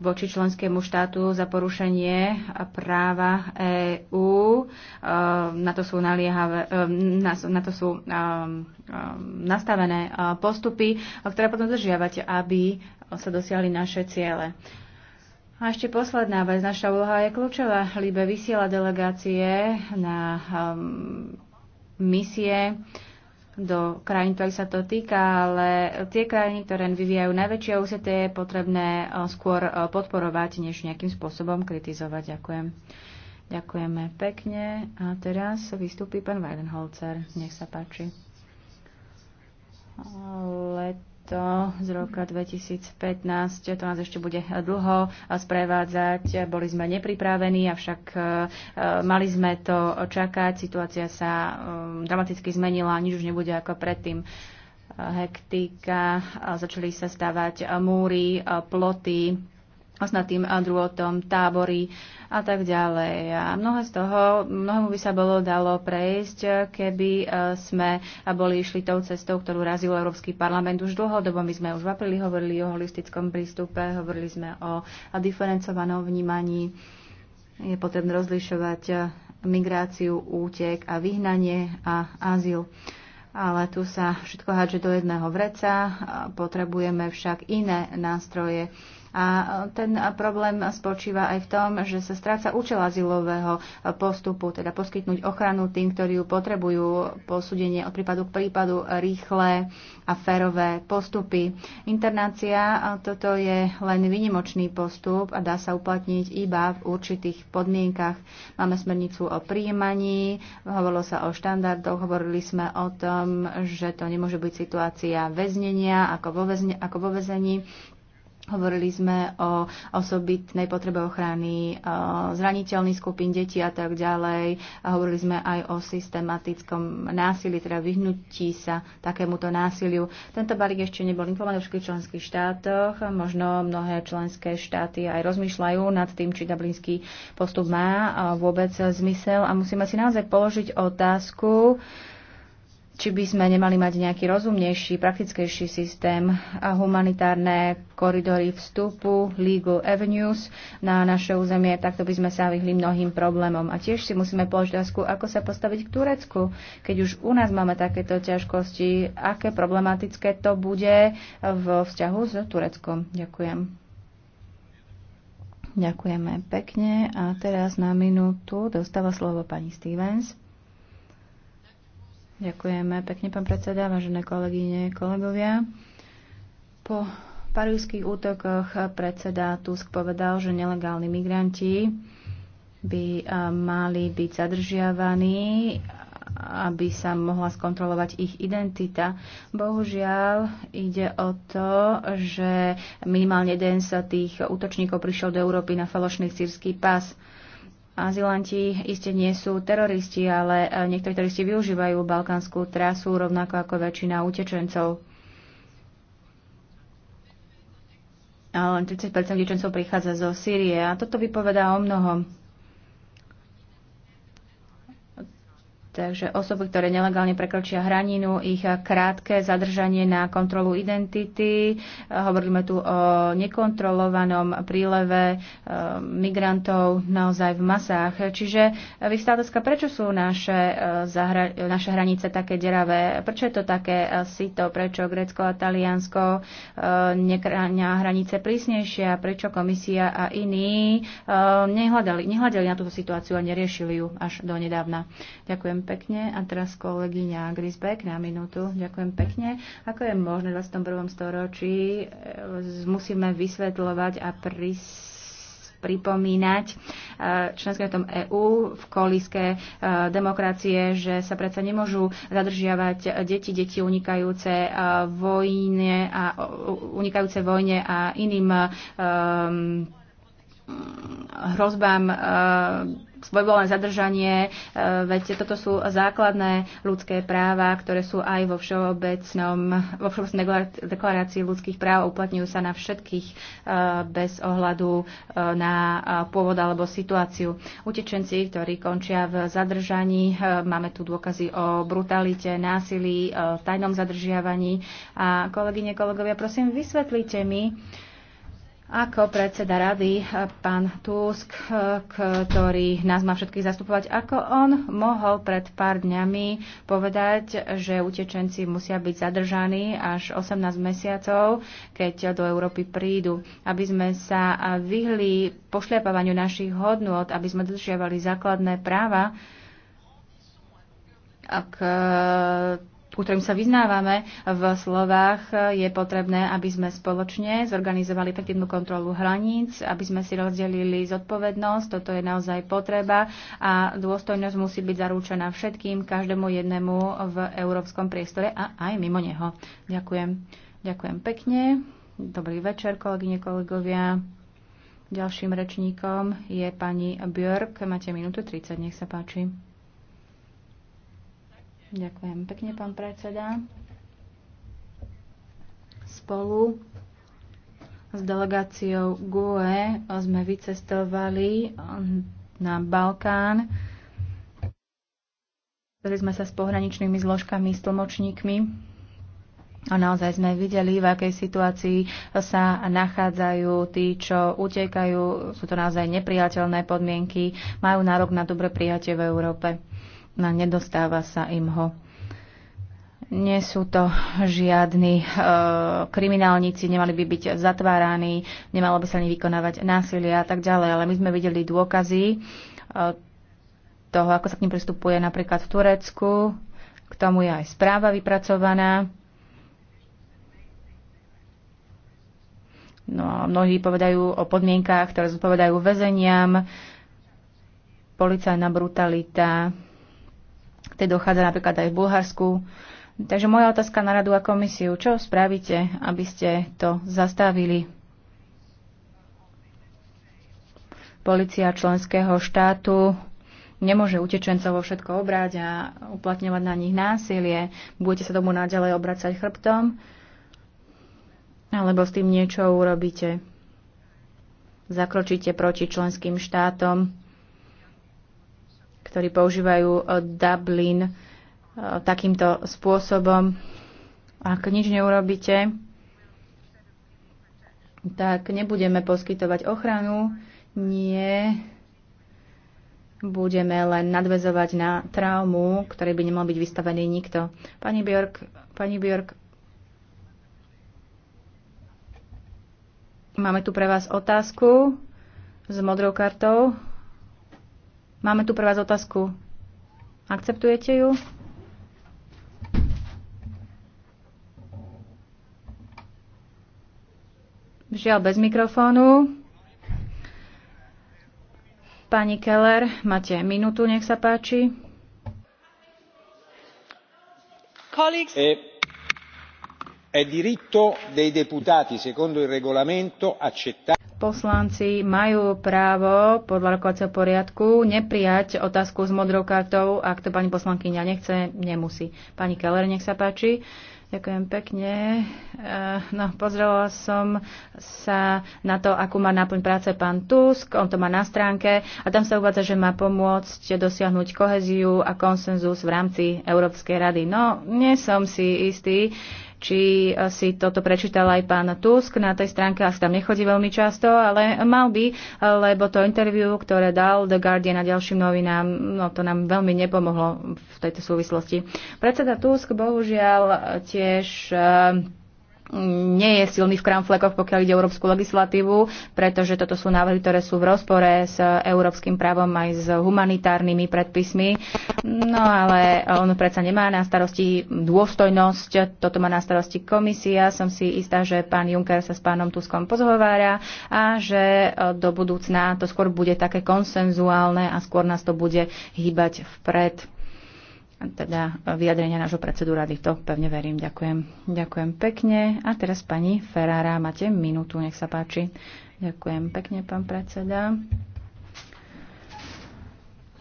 voči členskému štátu za porušenie práva EÚ. Na to sú, naliehavé, e, na to sú e, e, nastavené postupy, ktoré potom držiavate, aby sa dosiahli naše ciele. A ešte posledná vec, naša úloha je kľúčová. Líbe vysiela delegácie na misie do krajín, ktorých sa to týka, ale tie krajiny, ktoré vyvíjajú najväčšie úsetie, je potrebné eh, skôr eh, podporovať, než nejakým spôsobom kritizovať. Ďakujem. Ďakujeme pekne. A teraz vystúpi pán Weidenholzer. Nech sa páči. Let to z roka 2015, to nás ešte bude dlho sprevádzať. Boli sme nepripravení, avšak e, e, mali sme to čakať. Situácia sa e, dramaticky zmenila, nič už nebude ako predtým hektika, začali sa stavať múry, ploty, tým druhotom, tábory a tak ďalej. A mnohé z toho, mnohému by sa bolo dalo prejsť, keby e, sme boli išli tou cestou, ktorú razil Európsky parlament už dlhodobo. My sme už v apríli hovorili o holistickom prístupe, hovorili sme o diferencovanom vnímaní. Je potrebné rozlišovať e, migráciu, útek a vyhnanie a azyl ale tu sa všetko háče do jedného vreca, potrebujeme však iné nástroje a ten problém spočíva aj v tom, že sa stráca účel azylového postupu, teda poskytnúť ochranu tým, ktorí ju potrebujú, posúdenie od prípadu k prípadu, rýchle a férové postupy. Internácia toto je len výnimočný postup a dá sa uplatniť iba v určitých podmienkach. Máme smernicu o príjmaní, hovorilo sa o štandardoch, hovorili sme o tom, že to nemôže byť situácia väznenia ako vo, väzne, ako vo väzení, Hovorili sme o osobitnej potrebe ochrany zraniteľných skupín detí a tak ďalej. A hovorili sme aj o systematickom násilí, teda vyhnutí sa takémuto násiliu. Tento balík ešte nebol informovaný v členských štátoch. Možno mnohé členské štáty aj rozmýšľajú nad tým, či dublinský postup má vôbec zmysel. A musíme si naozaj položiť otázku, či by sme nemali mať nejaký rozumnejší, praktickejší systém a humanitárne koridory vstupu, legal avenues na naše územie, takto by sme sa vyhli mnohým problémom. A tiež si musíme položiť otázku, ako sa postaviť k Turecku, keď už u nás máme takéto ťažkosti, aké problematické to bude v vzťahu s Tureckom. Ďakujem. Ďakujeme pekne a teraz na minútu dostáva slovo pani Stevens. Ďakujeme pekne, pán predseda, vážené kolegyne, kolegovia. Po parížských útokoch predseda Tusk povedal, že nelegálni migranti by mali byť zadržiavaní, aby sa mohla skontrolovať ich identita. Bohužiaľ ide o to, že minimálne jeden z tých útočníkov prišiel do Európy na falošný sírsky pas. Azilanti iste nie sú teroristi, ale e, niektorí teroristi využívajú balkánsku trasu rovnako ako väčšina utečencov. Ale len 30 utečencov prichádza zo Sýrie a toto vypovedá o mnohom. Takže osoby, ktoré nelegálne prekročia hraninu, ich krátke zadržanie na kontrolu identity. Hovoríme tu o nekontrolovanom príleve eh, migrantov naozaj v masách. Čiže eh, vy otázka, prečo sú naše, eh, zahra- naše hranice také deravé? Prečo je to také sito? Prečo Grécko a Taliansko nekráňa hranice prísnejšie? Prečo komisia a iní nehľadali, nehľadali na túto situáciu a neriešili ju až do nedávna? Ďakujem pekne. A teraz kolegyňa Grisbeck na minútu. Ďakujem pekne. Ako je možné v 21. storočí e, musíme vysvetľovať a prís pripomínať e, členským tom EÚ v kolíske e, demokracie, že sa predsa nemôžu zadržiavať deti, deti unikajúce vojne a unikajúce vojne a iným um, hrozbám e, svojvolné zadržanie, e, veď toto sú základné ľudské práva, ktoré sú aj vo všeobecnom, vo všeobecnej deklarácii ľudských práv, uplatňujú sa na všetkých e, bez ohľadu na pôvod alebo situáciu. Utečenci, ktorí končia v zadržaní, máme tu dôkazy o brutalite, násilí, tajnom zadržiavaní. A kolegyne, kolegovia, prosím, vysvetlite mi, ako predseda rady pán Tusk, ktorý nás má všetkých zastupovať, ako on mohol pred pár dňami povedať, že utečenci musia byť zadržaní až 18 mesiacov, keď do Európy prídu, aby sme sa vyhli pošliapávaniu našich hodnôt, aby sme dodržiavali základné práva, ak ktorým sa vyznávame v slovách, je potrebné, aby sme spoločne zorganizovali efektívnu kontrolu hraníc, aby sme si rozdelili zodpovednosť, toto je naozaj potreba a dôstojnosť musí byť zarúčená všetkým, každému jednému v európskom priestore a aj mimo neho. Ďakujem. Ďakujem pekne. Dobrý večer, kolegyne, kolegovia. Ďalším rečníkom je pani Björk. Máte minútu 30, nech sa páči. Ďakujem pekne, pán predseda. Spolu s delegáciou GUE sme vycestovali na Balkán. Stretli sme sa s pohraničnými zložkami, s tlmočníkmi. A naozaj sme videli, v akej situácii sa nachádzajú tí, čo utekajú. Sú to naozaj nepriateľné podmienky, majú nárok na dobre prijatie v Európe a nedostáva sa im ho. Nie sú to žiadni e, kriminálnici, nemali by byť zatváraní, nemalo by sa ani vykonávať násilie a tak ďalej. Ale my sme videli dôkazy e, toho, ako sa k ním pristupuje napríklad v Turecku. K tomu je aj správa vypracovaná. No a mnohí povedajú o podmienkách, ktoré zodpovedajú väzeniam, policajná brutalita, tej dochádza napríklad aj v Bulharsku. Takže moja otázka na radu a komisiu. Čo spravíte, aby ste to zastavili? Polícia členského štátu nemôže utečencov vo všetko obráť a uplatňovať na nich násilie. Budete sa tomu naďalej obracať chrbtom? Alebo s tým niečo urobíte? Zakročíte proti členským štátom, ktorí používajú e, Dublin e, takýmto spôsobom. Ak nič neurobíte, tak nebudeme poskytovať ochranu, nie budeme len nadvezovať na traumu, ktorej by nemal byť vystavený nikto. Pani Bjork, pani Bjork, máme tu pre vás otázku s modrou kartou. Máme tu pre vás otázku. Akceptujete ju? Žiaľ, bez mikrofónu. Pani Keller, máte minútu, nech sa páči. E, È diritto dei deputati, secondo il regolamento, accettare poslanci majú právo podľa rokovacieho poriadku neprijať otázku s modrou kartou, ak to pani poslankyňa nechce, nemusí. Pani Keller, nech sa páči. Ďakujem pekne. Eh, no, pozrela som sa na to, akú má náplň práce pán Tusk, on to má na stránke a tam sa uvádza, že má pomôcť dosiahnuť koheziu a konsenzus v rámci Európskej rady. No, nie som si istý, či eh, si toto prečítal aj pán Tusk na tej stránke, asi tam nechodí veľmi často, ale mal by, eh, lebo to interviu, ktoré dal The Guardian a ďalším novinám, no to nám veľmi nepomohlo v tejto súvislosti. Predseda Tusk bohužiaľ tiež eh, nie je silný v kramflekoch, pokiaľ ide o európsku legislatívu, pretože toto sú návrhy, ktoré sú v rozpore s európskym právom aj s humanitárnymi predpismi. No ale on predsa nemá na starosti dôstojnosť, toto má na starosti komisia. Som si istá, že pán Juncker sa s pánom Tuskom pozhovára a že e, do budúcna to skôr bude také konsenzuálne a skôr nás to bude hýbať vpred teda vyjadrenia nášho predsedu rady. To pevne verím. Ďakujem. Ďakujem pekne. A teraz pani Ferrara, máte minútu, nech sa páči. Ďakujem pekne, pán predseda.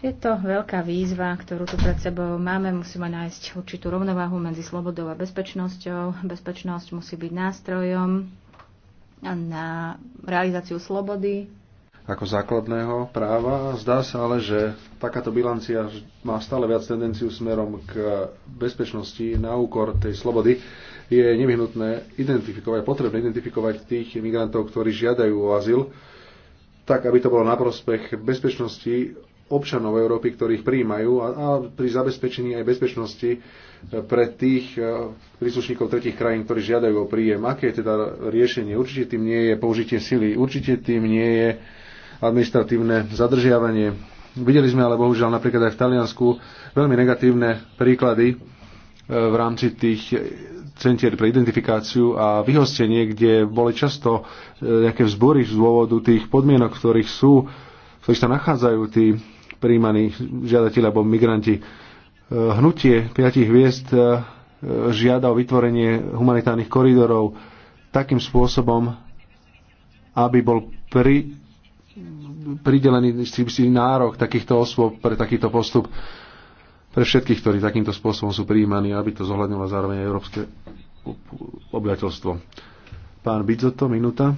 Je to veľká výzva, ktorú tu pred sebou máme. Musíme nájsť určitú rovnováhu medzi slobodou a bezpečnosťou. Bezpečnosť musí byť nástrojom na realizáciu slobody, ako základného práva. Zdá sa ale, že takáto bilancia má stále viac tendenciu smerom k bezpečnosti na úkor tej slobody. Je nevyhnutné identifikovať, potrebné identifikovať tých migrantov, ktorí žiadajú o azyl, tak aby to bolo na prospech bezpečnosti občanov Európy, ktorých prijímajú a, a pri zabezpečení aj bezpečnosti e, pre tých e, príslušníkov tretich krajín, ktorí žiadajú o príjem. Aké je teda riešenie? Určite tým nie je použitie sily, určite tým nie je administratívne zadržiavanie. Videli sme ale bohužiaľ napríklad aj v Taliansku veľmi negatívne príklady e, v rámci tých centier pre identifikáciu a vyhostenie, kde boli často e, nejaké vzbory z dôvodu tých podmienok, ktorých sú, v ktorých sa nachádzajú tí príjmaní žiadatelia alebo migranti. E, hnutie piatich hviezd žiada o vytvorenie humanitárnych koridorov takým spôsobom, aby bol pri pridelený si nárok takýchto osôb pre takýto postup pre všetkých, ktorí takýmto spôsobom sú prijímaní, aby to zohľadnilo zároveň európske obyvateľstvo. Pán Bizoto, minúta.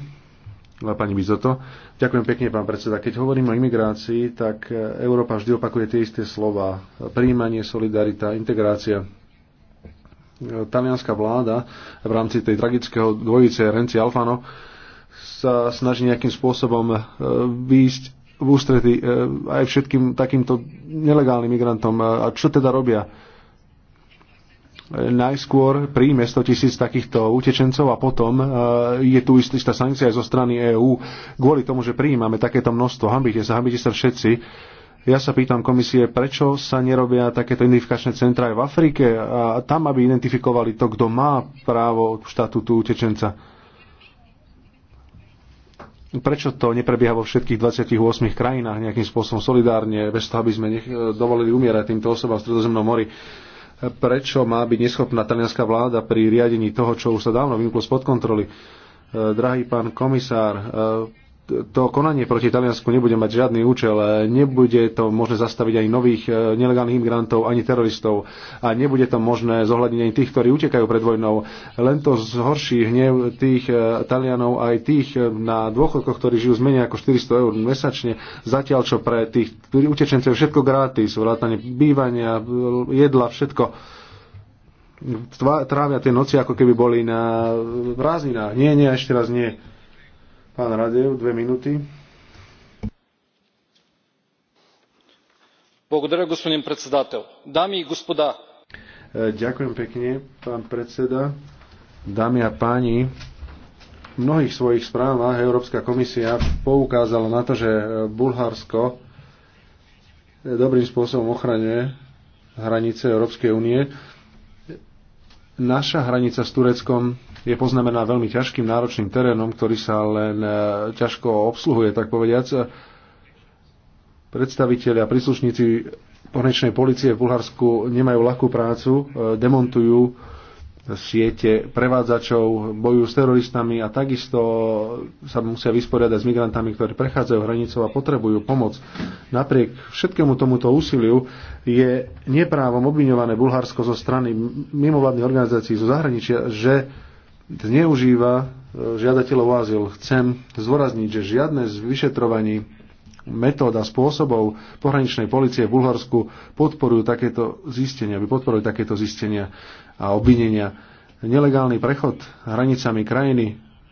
Pani Bizoto. Ďakujem pekne, pán predseda. Keď hovorím o imigrácii, tak Európa vždy opakuje tie isté slova. Príjmanie, solidarita, integrácia. Talianská vláda v rámci tej tragického dvojice Renci Alfano sa snaží nejakým spôsobom e, výjsť v ústrety e, aj všetkým takýmto nelegálnym migrantom. E, a čo teda robia? Najskôr príjme 100 tisíc takýchto utečencov a potom je tu istá sankcia aj zo strany EÚ kvôli tomu, že prijímame takéto množstvo. Hambite sa, hambite sa všetci. Ja sa pýtam komisie, prečo sa nerobia takéto identifikačné centra aj v Afrike a tam, aby identifikovali to, kto má právo štatútu utečenca prečo to neprebieha vo všetkých 28 krajinách nejakým spôsobom solidárne, bez toho, aby sme nech, e, dovolili umierať týmto osobám v Stredozemnom mori. Prečo má byť neschopná talianská vláda pri riadení toho, čo už sa dávno vymklo spod kontroly? E, drahý pán komisár, e, to konanie proti Taliansku nebude mať žiadny účel, e, nebude to možné zastaviť ani nových e, nelegálnych imigrantov, ani teroristov a nebude to možné zohľadniť ani tých, ktorí utekajú pred vojnou. Len to zhorší hnev tých e, Talianov aj tých na dôchodkoch, ktorí žijú z menej ako 400 eur mesačne, zatiaľ čo pre tých utečencov všetko gratis, vrátanie bývania, jedla, všetko trávia tie noci, ako keby boli na prázdninách. Nie, nie, ešte raz nie. Pán Radev, dve minúty. Благодаря, господин председател. Дами и господа. Ďakujem pekne, pán predseda. Dámy a páni, v mnohých svojich správach Európska komisia poukázala na to, že Bulharsko e, dobrým spôsobom ochraňuje hranice Európskej únie. Naša hranica s Tureckom je poznamená veľmi ťažkým náročným terénom, ktorý sa len e, ťažko obsluhuje, tak povediac. Predstaviteľi a príslušníci pohraničnej policie v Bulharsku nemajú ľahkú prácu, e, demontujú siete prevádzačov, bojujú s teroristami a takisto sa musia vysporiadať s migrantami, ktorí prechádzajú hranicou a potrebujú pomoc. Napriek všetkému tomuto úsiliu je neprávom obviňované Bulharsko zo strany mimovládnych organizácií zo zahraničia, že zneužíva e, žiadateľov o azyl. Chcem zvorazniť, že žiadne z vyšetrovaní metód a spôsobov pohraničnej policie v Bulharsku podporujú takéto zistenia, aby podporujú takéto zistenia a obvinenia. Nelegálny prechod hranicami krajiny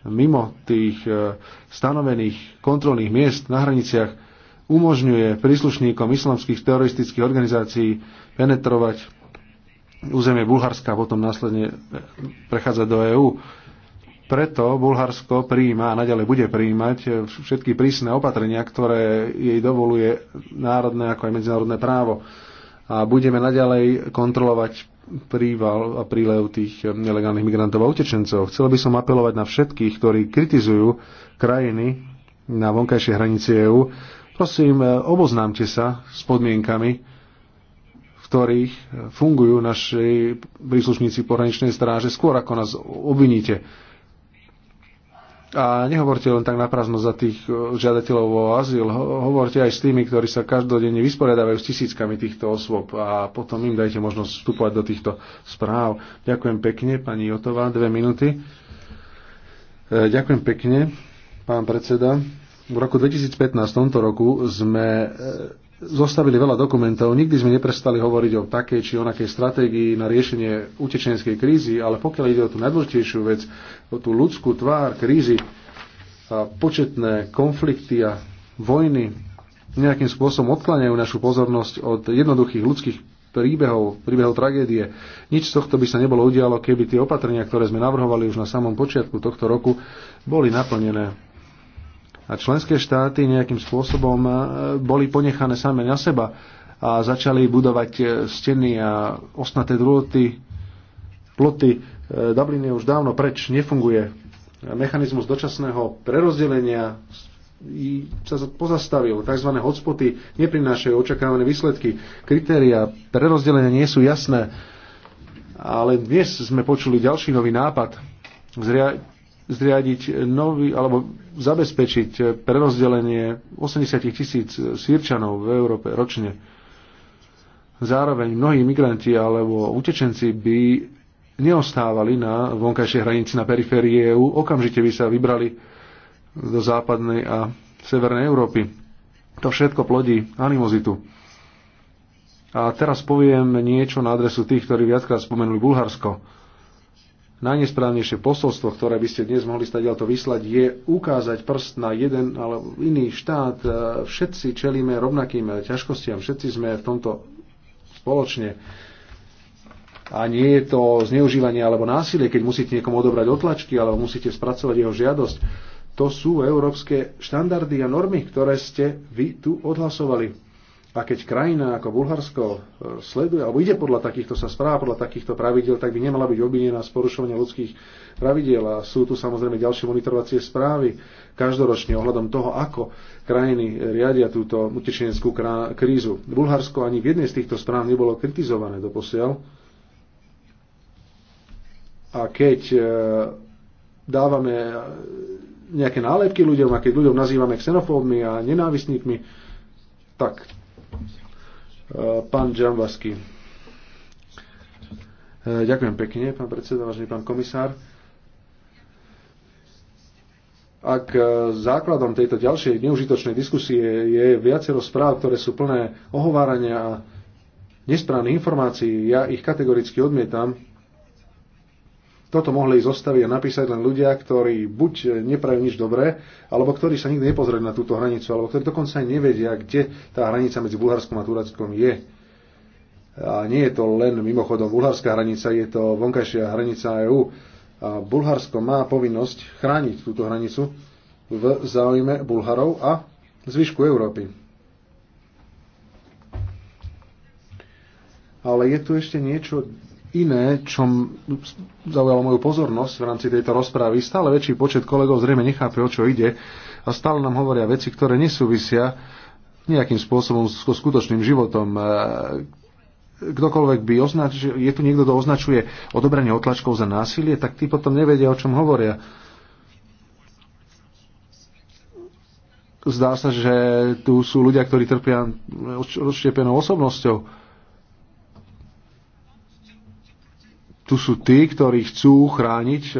mimo tých e, stanovených kontrolných miest na hraniciach umožňuje príslušníkom islamských teroristických organizácií penetrovať územie Bulharska a potom následne prechádza do EÚ. Preto Bulharsko prijíma a naďalej bude prijímať všetky prísne opatrenia, ktoré jej dovoluje národné ako aj medzinárodné právo. A budeme naďalej kontrolovať príval a prílev tých nelegálnych migrantov a utečencov. Chcel by som apelovať na všetkých, ktorí kritizujú krajiny na vonkajšej hranici EÚ. Prosím, oboznámte sa s podmienkami, ktorých e, fungujú naši príslušníci pohraničnej stráže, skôr ako nás obviníte. A nehovorte len tak naprázdno za tých e, žiadateľov o azyl, hovorte aj s tými, ktorí sa každodenne vysporiadávajú s tisíckami týchto osôb a potom im dajte možnosť vstupovať do týchto správ. Ďakujem pekne, pani Jotová, dve minúty. E, ďakujem pekne, pán predseda. V roku 2015, v tomto roku, sme zostavili veľa dokumentov. Nikdy sme neprestali hovoriť o takej či onakej stratégii na riešenie utečenskej krízy, ale pokiaľ ide o tú najdôležitejšiu vec, o tú ľudskú tvár krízy, a početné konflikty a vojny nejakým spôsobom odkláňajú našu pozornosť od jednoduchých ľudských príbehov, príbehov tragédie. Nič z tohto by sa nebolo udialo, keby tie opatrenia, ktoré sme navrhovali už na samom počiatku tohto roku, boli naplnené a členské štáty nejakým spôsobom e, boli ponechané same na seba a začali budovať e, steny a osnaté drôty, ploty. E, Dublin je už dávno preč, nefunguje. Mechanizmus dočasného prerozdelenia sa pozastavil. Tzv. hotspoty neprinášajú očakávané výsledky. Kritéria prerozdelenia nie sú jasné. Ale dnes sme počuli ďalší nový nápad. Zria- zriadiť nový, alebo zabezpečiť prerozdelenie 80 tisíc sírčanov v Európe ročne. Zároveň mnohí migranti alebo utečenci by neostávali na vonkajšej hranici na periférii EÚ, okamžite by sa vybrali do západnej a severnej Európy. To všetko plodí animozitu. A teraz poviem niečo na adresu tých, ktorí viackrát spomenuli Bulharsko najnesprávnejšie posolstvo, ktoré by ste dnes mohli stať to vyslať, je ukázať prst na jeden alebo iný štát. E, všetci čelíme rovnakým ťažkostiam, všetci sme v tomto spoločne. A nie je to zneužívanie alebo násilie, keď musíte niekomu odobrať otlačky alebo musíte spracovať jeho žiadosť. To sú európske štandardy a normy, ktoré ste vy tu odhlasovali a keď krajina ako Bulharsko e, sleduje, alebo ide podľa takýchto sa správ, podľa takýchto pravidel, tak by nemala byť obvinená z porušovania ľudských pravidiel. A sú tu samozrejme ďalšie monitorovacie správy každoročne ohľadom toho, ako krajiny riadia túto utečeneckú krízu. Bulharsko ani v jednej z týchto správ nebolo kritizované doposiaľ. A keď e, dávame e, nejaké nálepky ľuďom a keď ľuďom nazývame xenofóbmi a nenávistníkmi, tak Eh, pán Džambasky. Eh, ďakujem pekne, pán predseda, vážený pán komisár. Ak eh, základom tejto ďalšej neužitočnej diskusie je viacero správ, ktoré sú plné ohovárania a nesprávnych informácií, ja ich kategoricky odmietam, toto mohli zostaviť a napísať len ľudia, ktorí buď neprajú nič dobré, alebo ktorí sa nikdy nepozreli na túto hranicu, alebo ktorí dokonca aj nevedia, kde tá hranica medzi Bulharskom a Tureckom je. A nie je to len mimochodom bulharská hranica, je to vonkajšia hranica EÚ. A Bulharsko má povinnosť chrániť túto hranicu v záujme Bulharov a zvyšku Európy. Ale je tu ešte niečo iné, čo zaujalo moju pozornosť v rámci tejto rozprávy. Stále väčší počet kolegov zrejme nechápe, o čo ide a stále nám hovoria veci, ktoré nesúvisia nejakým spôsobom so skutočným životom. E, kdokoľvek by označil, je tu niekto, kto označuje odobranie otlačkov za násilie, tak tí potom nevedia, o čom hovoria. Zdá sa, že tu sú ľudia, ktorí trpia rozštiepenou osobnosťou tu sú tí, ktorí chcú chrániť e,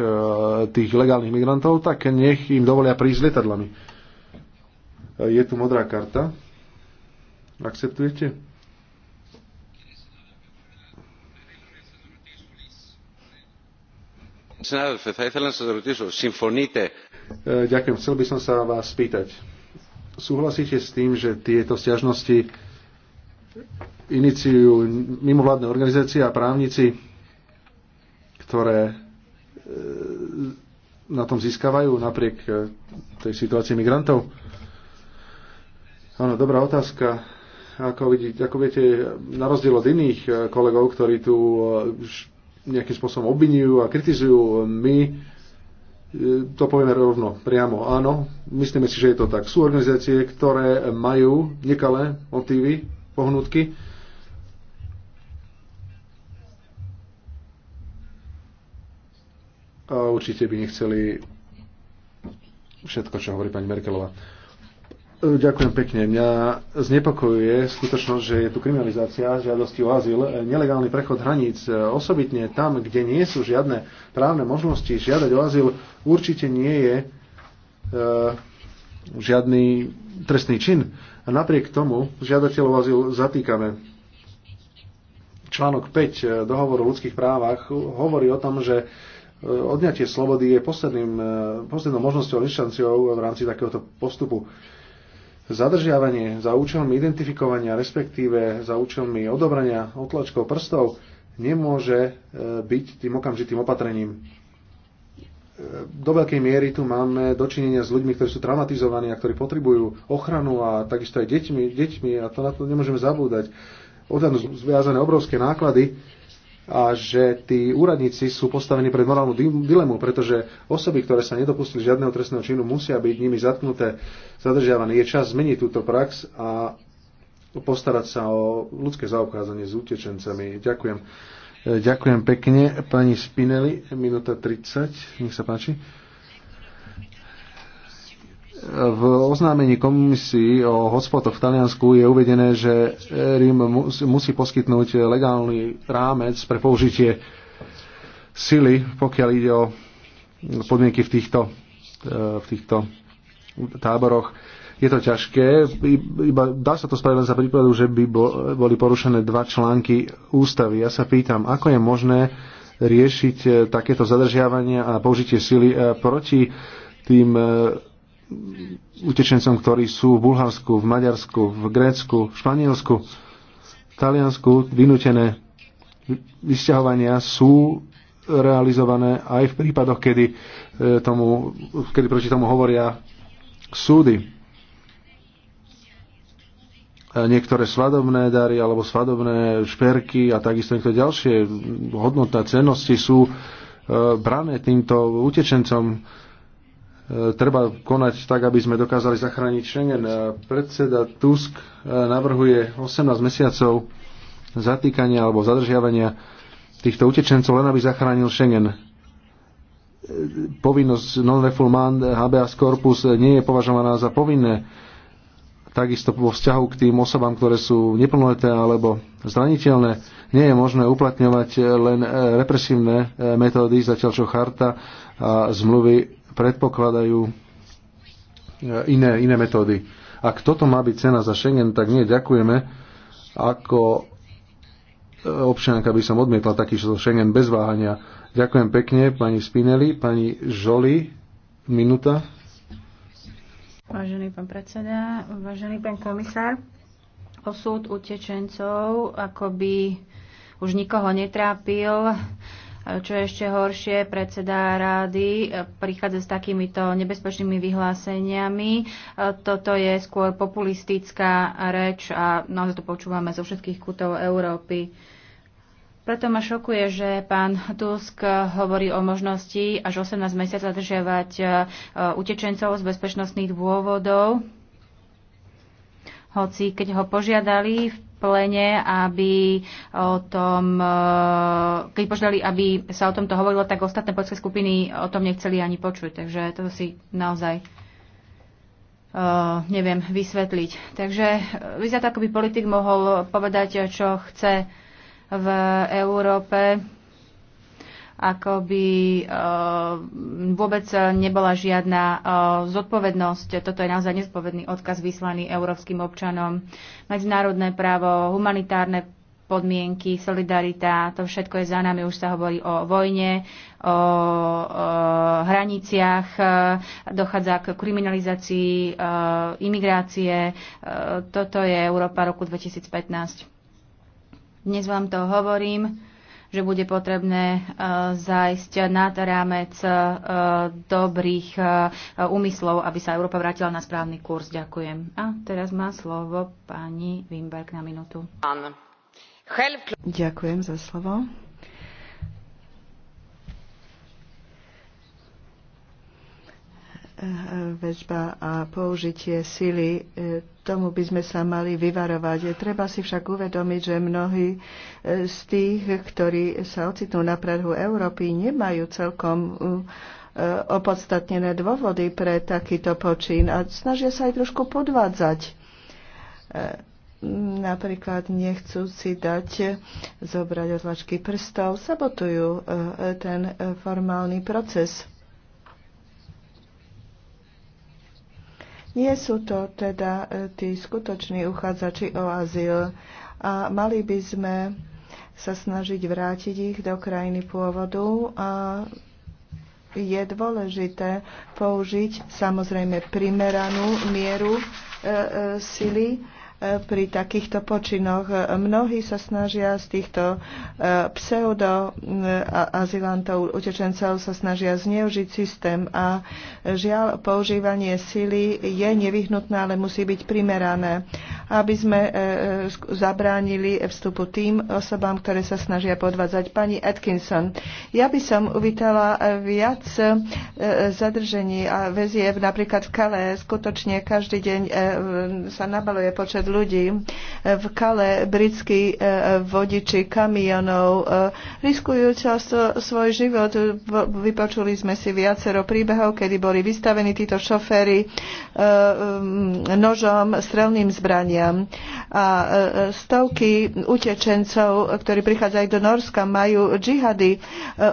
tých legálnych migrantov, tak nech im dovolia prísť E, Je tu modrá karta. Akceptujete? E, ďakujem. Chcel by som sa vás spýtať. Súhlasíte s tým, že tieto stiažnosti iniciujú mimovládne organizácie a právnici ktoré e, na tom získavajú napriek e, tej situácii migrantov? Áno, dobrá otázka. Ako, vidíte, ako viete, na rozdiel od iných e, kolegov, ktorí tu nejakým spôsobom obvinujú a kritizujú, my to povieme rovno, priamo. Áno, myslíme si, že je to tak. Sú organizácie, ktoré majú nekalé motívy, pohnutky, určite by nechceli všetko, čo hovorí pani Merkelová. Ďakujem pekne. Mňa znepokojuje skutočnosť, že je tu kriminalizácia žiadosti o azyl, nelegálny prechod hraníc, osobitne tam, kde nie sú žiadne právne možnosti žiadať o azyl, určite nie je e, žiadny trestný čin. A napriek tomu žiadateľov azyl zatýkame. Článok 5 dohovoru o ľudských právach hovorí o tom, že odňatie slobody je posledným, e, poslednou možnosťou, inštanciou v rámci takéhoto postupu. Zadržiavanie za účelmi identifikovania, respektíve za účelmi odobrania otlačkov prstov nemôže e, byť tým okamžitým opatrením. E, do veľkej miery tu máme dočinenia s ľuďmi, ktorí sú traumatizovaní a ktorí potrebujú ochranu a takisto aj deťmi, deťmi a to na to nemôžeme zabúdať. Odhadnú zviazané obrovské náklady, a že tí úradníci sú postavení pred morálnu dilemu, pretože osoby, ktoré sa nedopustili žiadneho trestného činu, musia byť nimi zatknuté, zadržiavané. Je čas zmeniť túto prax a postarať sa o ľudské zaobchádzanie s utečencami. Ďakujem. Ďakujem pekne. Pani Spinelli, minúta 30, nech sa páči. V oznámení komisii o hotspotoch v Taliansku je uvedené, že Rím musí poskytnúť legálny rámec pre použitie sily, pokiaľ ide o podmienky v týchto, e, v týchto táboroch. Je to ťažké, iba dá sa to spraviť len za prípadu, že by boli porušené dva články ústavy. Ja sa pýtam, ako je možné riešiť e, takéto zadržiavania a použitie sily e, proti tým utečencom, ktorí sú v Bulharsku, v Maďarsku, v Grécku, v Španielsku, v Taliansku vynútené vysťahovania sú realizované aj v prípadoch, kedy, e, tomu, kedy proti tomu hovoria súdy. Niektoré svadobné dary alebo svadobné šperky a takisto niektoré ďalšie hodnotné cennosti sú e, brané týmto utečencom E, treba konať tak, aby sme dokázali zachrániť Schengen. Predseda Tusk e, navrhuje 18 mesiacov zatýkania alebo zadržiavania týchto utečencov, len aby zachránil Schengen. E, povinnosť non-refoulement HBS corpus nie je považovaná za povinné. Takisto vo vzťahu k tým osobám, ktoré sú neplnoleté alebo zraniteľné, nie je možné uplatňovať len represívne metódy, zatiaľ čo charta a zmluvy predpokladajú e, iné, iné metódy. Ak toto má byť cena za Schengen, tak nie, ďakujeme. Ako e, občianka by som odmietla taký Schengen bez váhania. Ďakujem pekne pani Spinelli, pani Žoli, minúta. Vážený pán predseda, vážený pán komisár, osud utečencov akoby už nikoho netrápil. Čo je ešte horšie, predseda rády e, prichádza s takýmito nebezpečnými vyhláseniami. E, toto je skôr populistická reč a naozaj to počúvame zo všetkých kútov Európy. Preto ma šokuje, že pán Tusk hovorí o možnosti až 18 mesiacov zadržiavať e, utečencov z bezpečnostných dôvodov hoci keď ho požiadali v plene, aby o tom, e, keď požiadali, aby sa o tomto hovorilo, tak ostatné poľské skupiny o tom nechceli ani počuť. Takže to si naozaj uh, neviem vysvetliť. Takže e, vyzerá to, ako by politik mohol povedať, čo chce v Európe ako by eh, vôbec nebola žiadna eh, zodpovednosť. Toto je naozaj nezodpovedný odkaz vyslaný európskym občanom. Medzinárodné právo, humanitárne podmienky, solidarita, to všetko je za nami. Už sa hovorí o vojne, o, o eh, hraniciach, dochádza k kriminalizácii o, imigrácie. toto je Európa roku 2015. Dnes vám to hovorím že bude potrebné e, zájsť nad rámec e, dobrých e, úmyslov, aby sa Európa vrátila na správny kurz. Ďakujem. A teraz má slovo pani Wimberg na minútu. Ďakujem za slovo. väzba a použitie sily, e, tomu by sme sa mali vyvarovať. Treba si však uvedomiť, že mnohí e, z tých, ktorí sa ocitnú na prahu Európy, nemajú celkom e, opodstatnené dôvody pre takýto počín a snažia sa aj trošku podvádzať napríklad nechcú si dať zobrať odlačky prstov, sabotujú ten formálny proces. Nie sú to teda e, tí skutoční uchádzači o azyl a mali by sme sa snažiť vrátiť ich do krajiny pôvodu a je dôležité použiť samozrejme primeranú mieru e, e, sily pri takýchto počinoch. Mnohí sa snažia z týchto e, pseudo-azilantov, e, utečencov sa snažia zneužiť systém a žiaľ, používanie sily je nevyhnutné, ale musí byť primerané, aby sme e, zabránili vstupu tým osobám, ktoré sa snažia podvádzať. Pani Atkinson, ja by som uvítala viac zadržení a väzieb napríklad v Kale. Skutočne každý deň sa nabaluje počet ľudí. E, v Kale britskí e, vodiči kamionov e, riskujú často svoj život. Vypočuli sme si viacero príbehov, kedy boli vystavení títo šoféry nožom, strelným zbraniam. A stovky utečencov, ktorí prichádzajú do Norska, majú džihady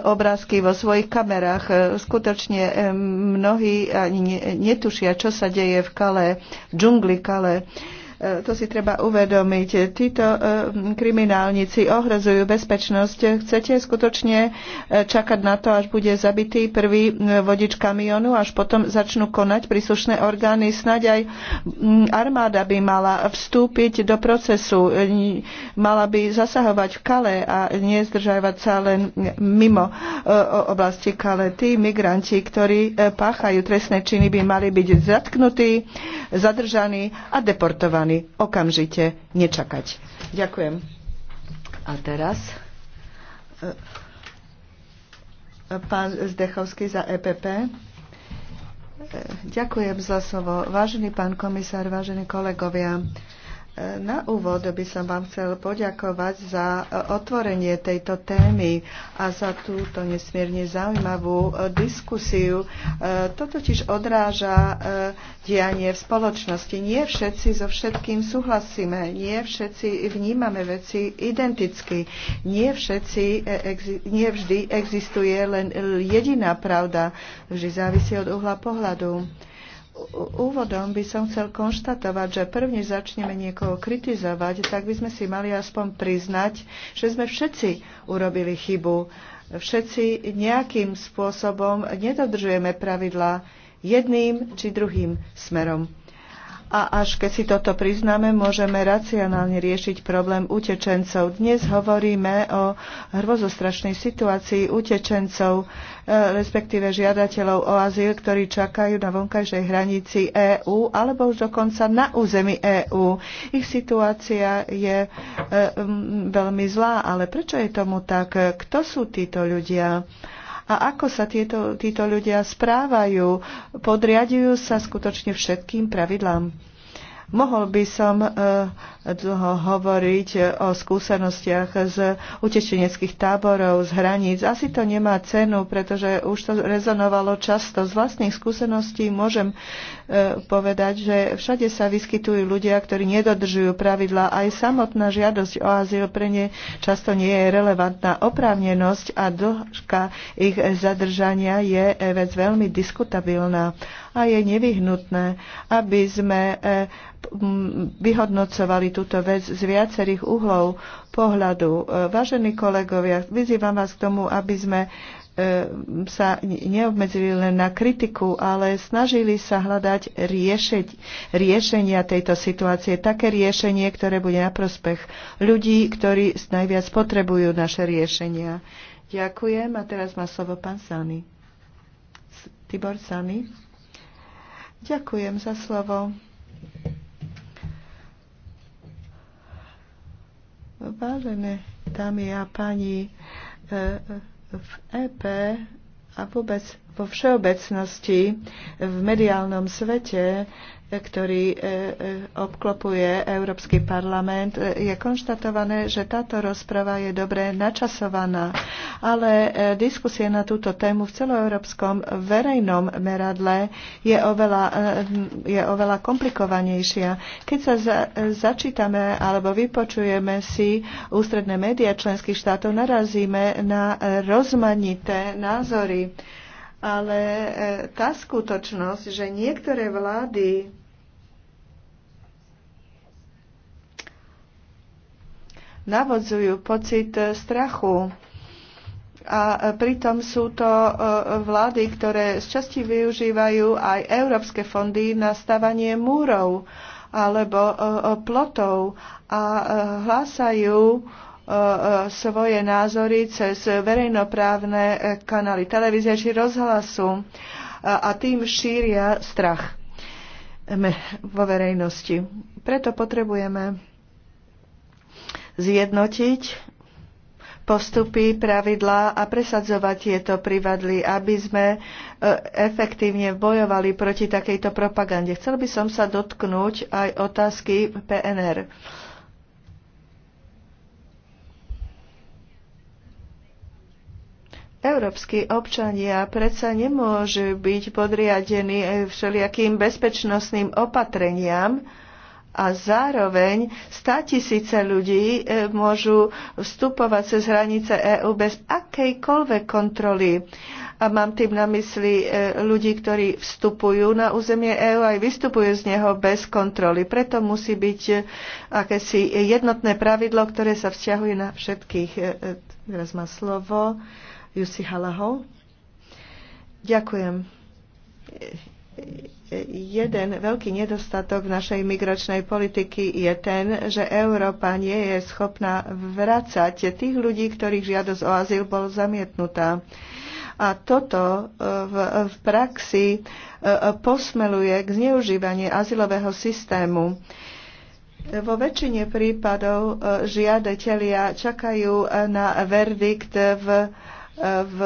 obrázky vo svojich kamerách. Skutočne mnohí ani netušia, čo sa deje v Kale, v džungli Kale. E, to si treba uvedomiť. Títo e, kriminálnici ohrozujú bezpečnosť. Chcete skutočne e, čakať na to, až bude zabitý prvý vodič kamionu, až potom začnú konať príslušné orgány. Snaď aj armáda by mala vstúpiť do procesu, mala by zasahovať v Kale a nezdržajovať sa len mimo oblasti Kale. Tí migranti, ktorí páchajú trestné činy, by mali byť zatknutí, zadržaní a deportovaní strany okamžite nečakať. Ďakujem. A teraz e, pán Zdechovský za EPP. E, ďakujem za slovo. Vážený pán komisár, vážení kolegovia, na úvod by som vám chcel poďakovať za e, otvorenie tejto témy a za túto nesmierne zaujímavú e, diskusiu. E, to totiž odráža dianie v spoločnosti. Nie všetci so všetkým súhlasíme, nie všetci vnímame veci identicky, nie, všetci, nie vždy existuje len jediná pravda, vždy závisí od uhla pohľadu úvodom by som chcel konštatovať, že prvne začneme niekoho kritizovať, tak by sme si mali aspoň priznať, že sme všetci urobili chybu. Všetci nejakým spôsobom nedodržujeme pravidla jedným či druhým smerom a až keď si toto priznáme, môžeme racionálne riešiť problém utečencov. Dnes hovoríme o hrozostrašnej situácii utečencov, e, respektíve žiadateľov o azyl, ktorí čakajú na vonkajšej hranici EÚ alebo už dokonca na území EÚ. Ich situácia je e, veľmi zlá, ale prečo je tomu tak? Kto sú títo ľudia? A ako sa tieto, títo ľudia správajú? Podriadujú sa skutočne všetkým pravidlám? Mohol by som e, dlho hovoriť o skúsenostiach z utečeneckých táborov, z hraníc. Asi to nemá cenu, pretože už to rezonovalo často. Z vlastných skúseností môžem e, povedať, že všade sa vyskytujú ľudia, ktorí nedodržujú pravidlá. Aj samotná žiadosť o azyl pre ne často nie je relevantná. Oprávnenosť a dĺžka ich zadržania je vec veľmi diskutabilná a je nevyhnutné, aby sme e, vyhodnocovali túto vec z viacerých uhlov pohľadu. E, vážení kolegovia, vyzývam vás k tomu, aby sme e, sa neobmedzili len na kritiku, ale snažili sa hľadať riešeť, riešenia tejto situácie, také riešenie, ktoré bude na prospech ľudí, ktorí najviac potrebujú naše riešenia. Ďakujem a teraz má slovo pán Sany. Tibor Sany. Ďakujem za slovo. Vážené dámy a páni, e, e, v EP a vôbec vo všeobecnosti v mediálnom svete ktorý e, e, obklopuje Európsky parlament, e, je konštatované, že táto rozprava je dobre načasovaná, ale diskusie na túto tému v celoeurópskom verejnom meradle je oveľa, je oveľa komplikovanejšia. Keď sa za, začítame alebo vypočujeme si ústredné médiá členských štátov, narazíme na rozmanité názory. Ale tá skutočnosť, že niektoré vlády navodzujú pocit strachu. A pritom sú to e, vlády, ktoré z časti využívajú aj európske fondy na stavanie múrov alebo e, e, plotov a hlásajú svoje názory cez verejnoprávne kanály televízie či rozhlasu a tým šíria strach vo verejnosti. Preto potrebujeme zjednotiť postupy, pravidlá a presadzovať tieto privadly, aby sme e, efektívne bojovali proti takejto propagande. Chcel by som sa dotknúť aj otázky PNR. Európsky občania predsa nemôžu byť podriadení e, všelijakým bezpečnostným opatreniam, a zároveň 100 tisíce ľudí e, môžu vstupovať cez hranice EÚ bez akejkoľvek kontroly. A mám tým na mysli e, ľudí, ktorí vstupujú na územie EÚ aj vystupujú z neho bez kontroly. Preto musí byť e, akési jednotné pravidlo, ktoré sa vzťahuje na všetkých. Teraz má slovo Jussi Halahov. Ďakujem jeden veľký nedostatok našej migračnej politiky je ten, že Európa nie je schopná vracať tých ľudí, ktorých žiadosť o azyl bol zamietnutá. A toto e, v, v praxi e, posmeluje k zneužívaniu azylového systému. Vo väčšine prípadov e, žiadatelia čakajú na verdikt v v,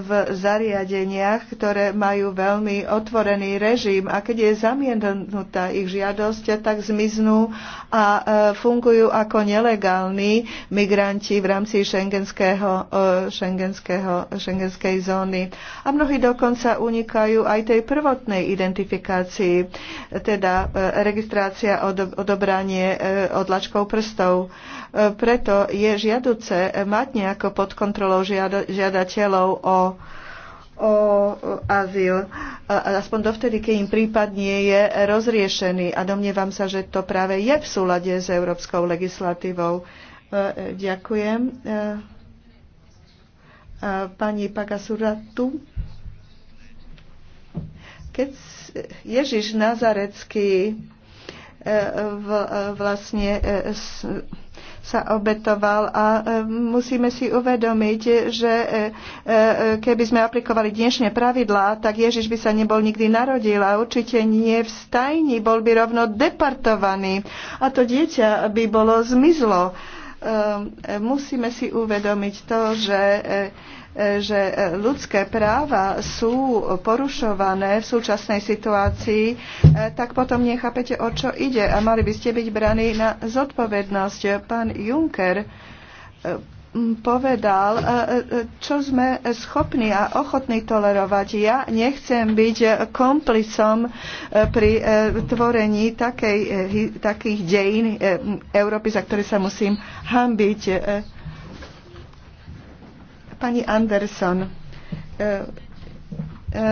v zariadeniach, ktoré majú veľmi otvorený režim a keď je zamienutá ich žiadosť, tak zmiznú a e, fungujú ako nelegálni migranti v rámci šengenského, e, šengenského, šengenskej zóny. A mnohí dokonca unikajú aj tej prvotnej identifikácii, teda e, registrácia, odobranie odlačkov prstov. Preto je žiaduce mať nejako pod kontrolou žiadosť žiadateľov o o azyl, aspoň dovtedy, keď im prípad nie je rozriešený. A domnievam sa, že to práve je v súlade s európskou legislatívou. E, ďakujem. E, pani Pagasuratu. Keď Ježiš Nazarecký e, vlastne sa obetoval a e, musíme si uvedomiť, že e, e, keby sme aplikovali dnešné pravidlá, tak Ježiš by sa nebol nikdy narodil a určite nie v stajni, bol by rovno departovaný a to dieťa by bolo zmizlo. Musíme si uvedomiť to, že že e, ľudské práva sú porušované v súčasnej situácii, e, tak potom nechápete, o čo ide a mali by ste byť braní na zodpovednosť. Pán Juncker e, povedal, čo sme schopní a ochotní tolerovať. Ja nechcem byť komplicom pri tvorení takej, takých dejín Európy, za ktoré sa musím hambiť Pani Anderson, e, E,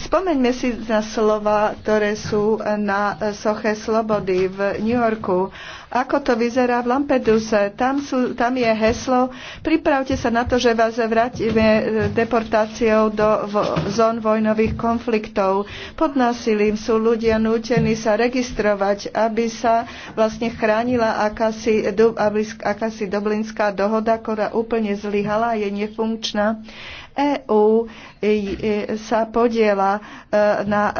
spomeňme si na slova, ktoré sú na Soche Slobody v New Yorku. Ako to vyzerá v Lampeduse? Tam, sú, tam je heslo Pripravte sa na to, že vás vrátime e, deportáciou do zón vojnových konfliktov. Pod násilím sú ľudia nútení sa registrovať, aby sa vlastne chránila akási, akási Dublinská dohoda, ktorá úplne zlyhala, je nefunkčná. EÚ e, e, sa podiela e, na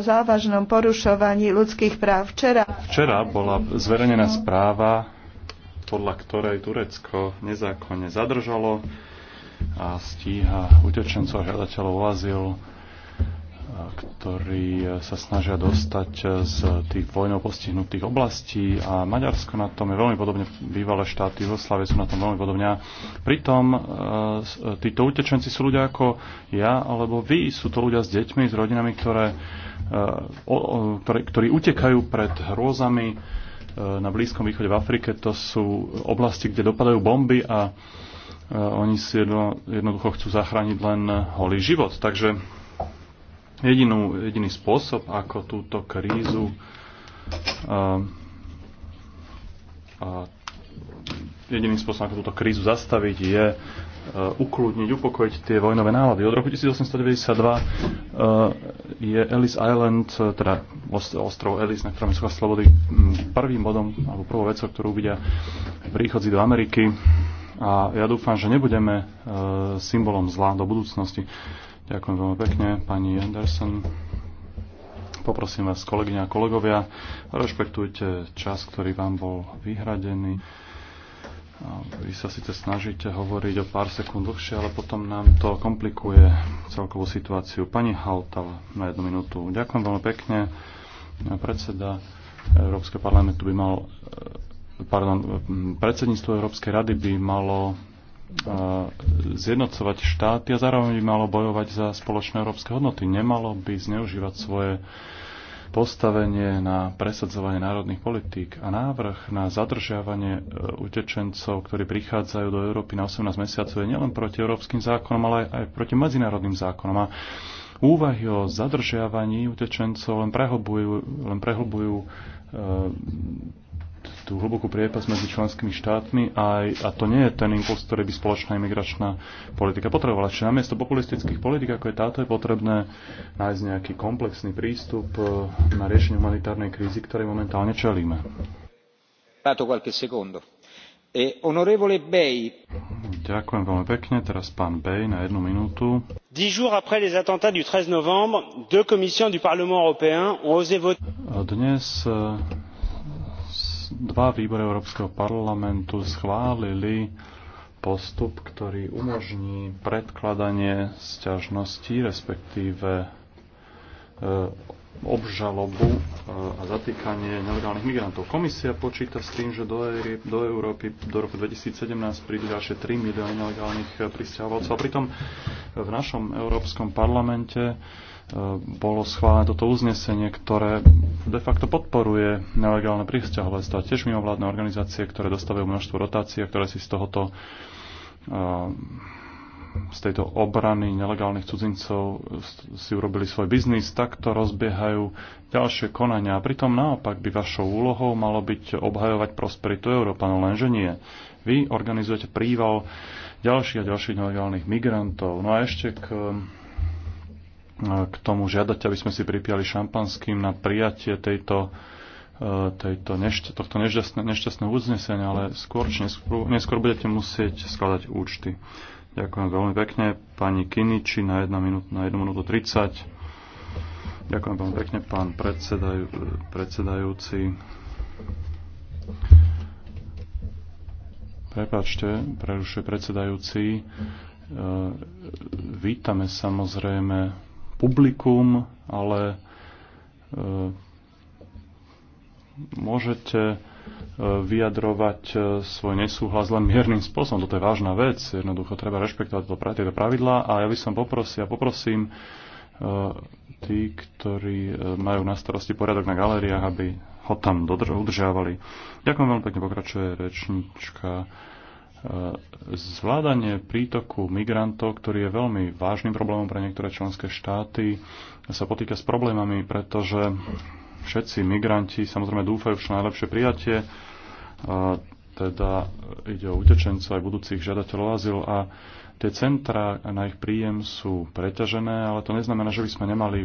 závažnom porušovaní ľudských práv. Včera, Včera bola zverejnená správa, podľa ktorej Turecko nezákonne zadržalo a stíha utečencov a žiadateľov o azyl ktorí e, sa snažia dostať e, z tých vojnov postihnutých oblastí a Maďarsko na tom je veľmi podobne, bývalé štáty Jugoslávie sú na tom veľmi podobne. Pritom e, títo utečenci sú ľudia ako ja alebo vy, sú to ľudia s deťmi, s rodinami, ktoré, ktoré, ktorí utekajú pred hrôzami na Blízkom východe v Afrike. To sú oblasti, kde dopadajú bomby a oni si jedno, jednoducho chcú zachrániť len holý život. Takže jedinú, jediný spôsob, ako túto krízu a, ehm, a jediný spôsob, ako túto krízu zastaviť, je uh, ukludniť, upokojiť tie vojnové nálady. Od roku 1892 uh, e, je Ellis Island, e, teda ostrov Ellis, na ktorom je Suchá Slobody, prvým bodom, alebo prvou vecou, ktorú vidia príchodzi do Ameriky. A ja dúfam, že nebudeme uh, symbolom zla do budúcnosti. Uh, Ďakujem veľmi pekne, pani Anderson. Poprosím vás, kolegyňa a kolegovia, rešpektujte čas, ktorý vám bol vyhradený. Vy sa síce snažíte hovoriť o pár sekúnd dlhšie, ale potom nám to komplikuje celkovú situáciu. Pani Hautala na jednu minútu. Ďakujem veľmi pekne. Predseda Európskeho parlamentu by mal pardon, predsedníctvo Európskej rady by malo zjednocovať štáty a zároveň by malo bojovať za spoločné európske hodnoty. Nemalo by zneužívať svoje postavenie na presadzovanie národných politík a návrh na zadržiavanie e, utečencov, ktorí prichádzajú do Európy na 18 mesiacov, je nielen proti európskym zákonom, ale aj proti medzinárodným zákonom. A úvahy o zadržiavaní utečencov len prehlbujú, len prehlbujú e, tú hlbokú priepas medzi členskými štátmi a, a to nie je ten impuls, ktorý by spoločná imigračná politika potrebovala. Čiže namiesto populistických politik, ako je táto, je potrebné nájsť nejaký komplexný prístup e, na riešenie humanitárnej krízy, ktorej momentálne čelíme. E, Ďakujem veľmi pekne. Teraz pán Bey na jednu minútu. 10 jours après les attentats du 13 novembre, deux commissions du Parlement européen ont osé voter. Dnes e, dva výbory Európskeho parlamentu schválili postup, ktorý umožní predkladanie sťažností, respektíve e, obžalobu e, a zatýkanie nelegálnych migrantov. Komisia počíta s tým, že do, Európy, do Európy do roku 2017 prídu ďalšie 3 milióny nelegálnych pristahovalcov. A pritom v našom Európskom parlamente bolo schválené toto uznesenie, ktoré de facto podporuje nelegálne prisťahovalstvo a tiež mimovládne organizácie, ktoré dostávajú množstvo rotácií a ktoré si z tohoto eh, z tejto obrany nelegálnych cudzincov si urobili svoj biznis, takto rozbiehajú ďalšie konania. A pritom naopak by vašou úlohou malo byť obhajovať prosperitu no lenže nie. Vy organizujete príval ďalších a ďalších nelegálnych migrantov. No a ešte k k tomu žiadať, aby sme si pripiali šampanským na prijatie tejto, e, tejto nešť, tohto nešťastné, nešťastného uznesenia, ale skôr, či neskôr, neskôr budete musieť skladať účty. Ďakujem veľmi pekne pani Kiniči na 1 minút, na 1 minútu 30. Ďakujem veľmi pekne pán predsedajú, predsedajúci. Prepačte, prerušuje predsedajúci. E, vítame samozrejme publikum, ale e, môžete e, vyjadrovať e, svoj nesúhlas len miernym spôsobom. Toto je vážna vec. Jednoducho treba rešpektovať tieto pravidlá a ja by som poprosil a poprosím tí, ktorí majú na starosti poriadok na galériách, aby ho tam udržiavali. Ďakujem veľmi pekne, pokračuje rečnička. Zvládanie prítoku migrantov, ktorý je veľmi vážnym problémom pre niektoré členské štáty, sa potýka s problémami, pretože všetci migranti samozrejme dúfajú v čo najlepšie prijatie, teda ide o utečencov aj budúcich žiadateľov azyl a tie centra na ich príjem sú preťažené, ale to neznamená, že by sme nemali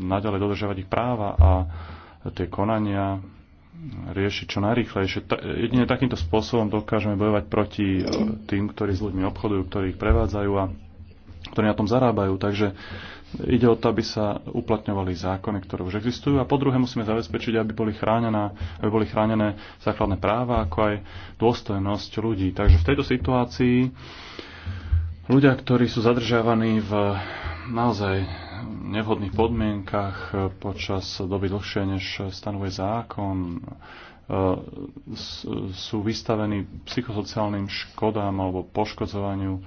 naďalej dodržiavať ich práva a tie konania riešiť čo najrýchlejšie. jedine takýmto spôsobom dokážeme bojovať proti e, tým, ktorí s ľuďmi obchodujú, ktorí ich prevádzajú a ktorí na tom zarábajú. Takže ide o to, aby sa uplatňovali zákony, ktoré už existujú a po druhé musíme zabezpečiť, aby boli, chránená, aby boli chránené základné práva, ako aj dôstojnosť ľudí. Takže v tejto situácii ľudia, ktorí sú zadržiavaní v naozaj nevhodných podmienkach eh, počas doby dlhšie, než stanovuje zákon, eh, sú vystavení psychosociálnym škodám alebo poškodzovaniu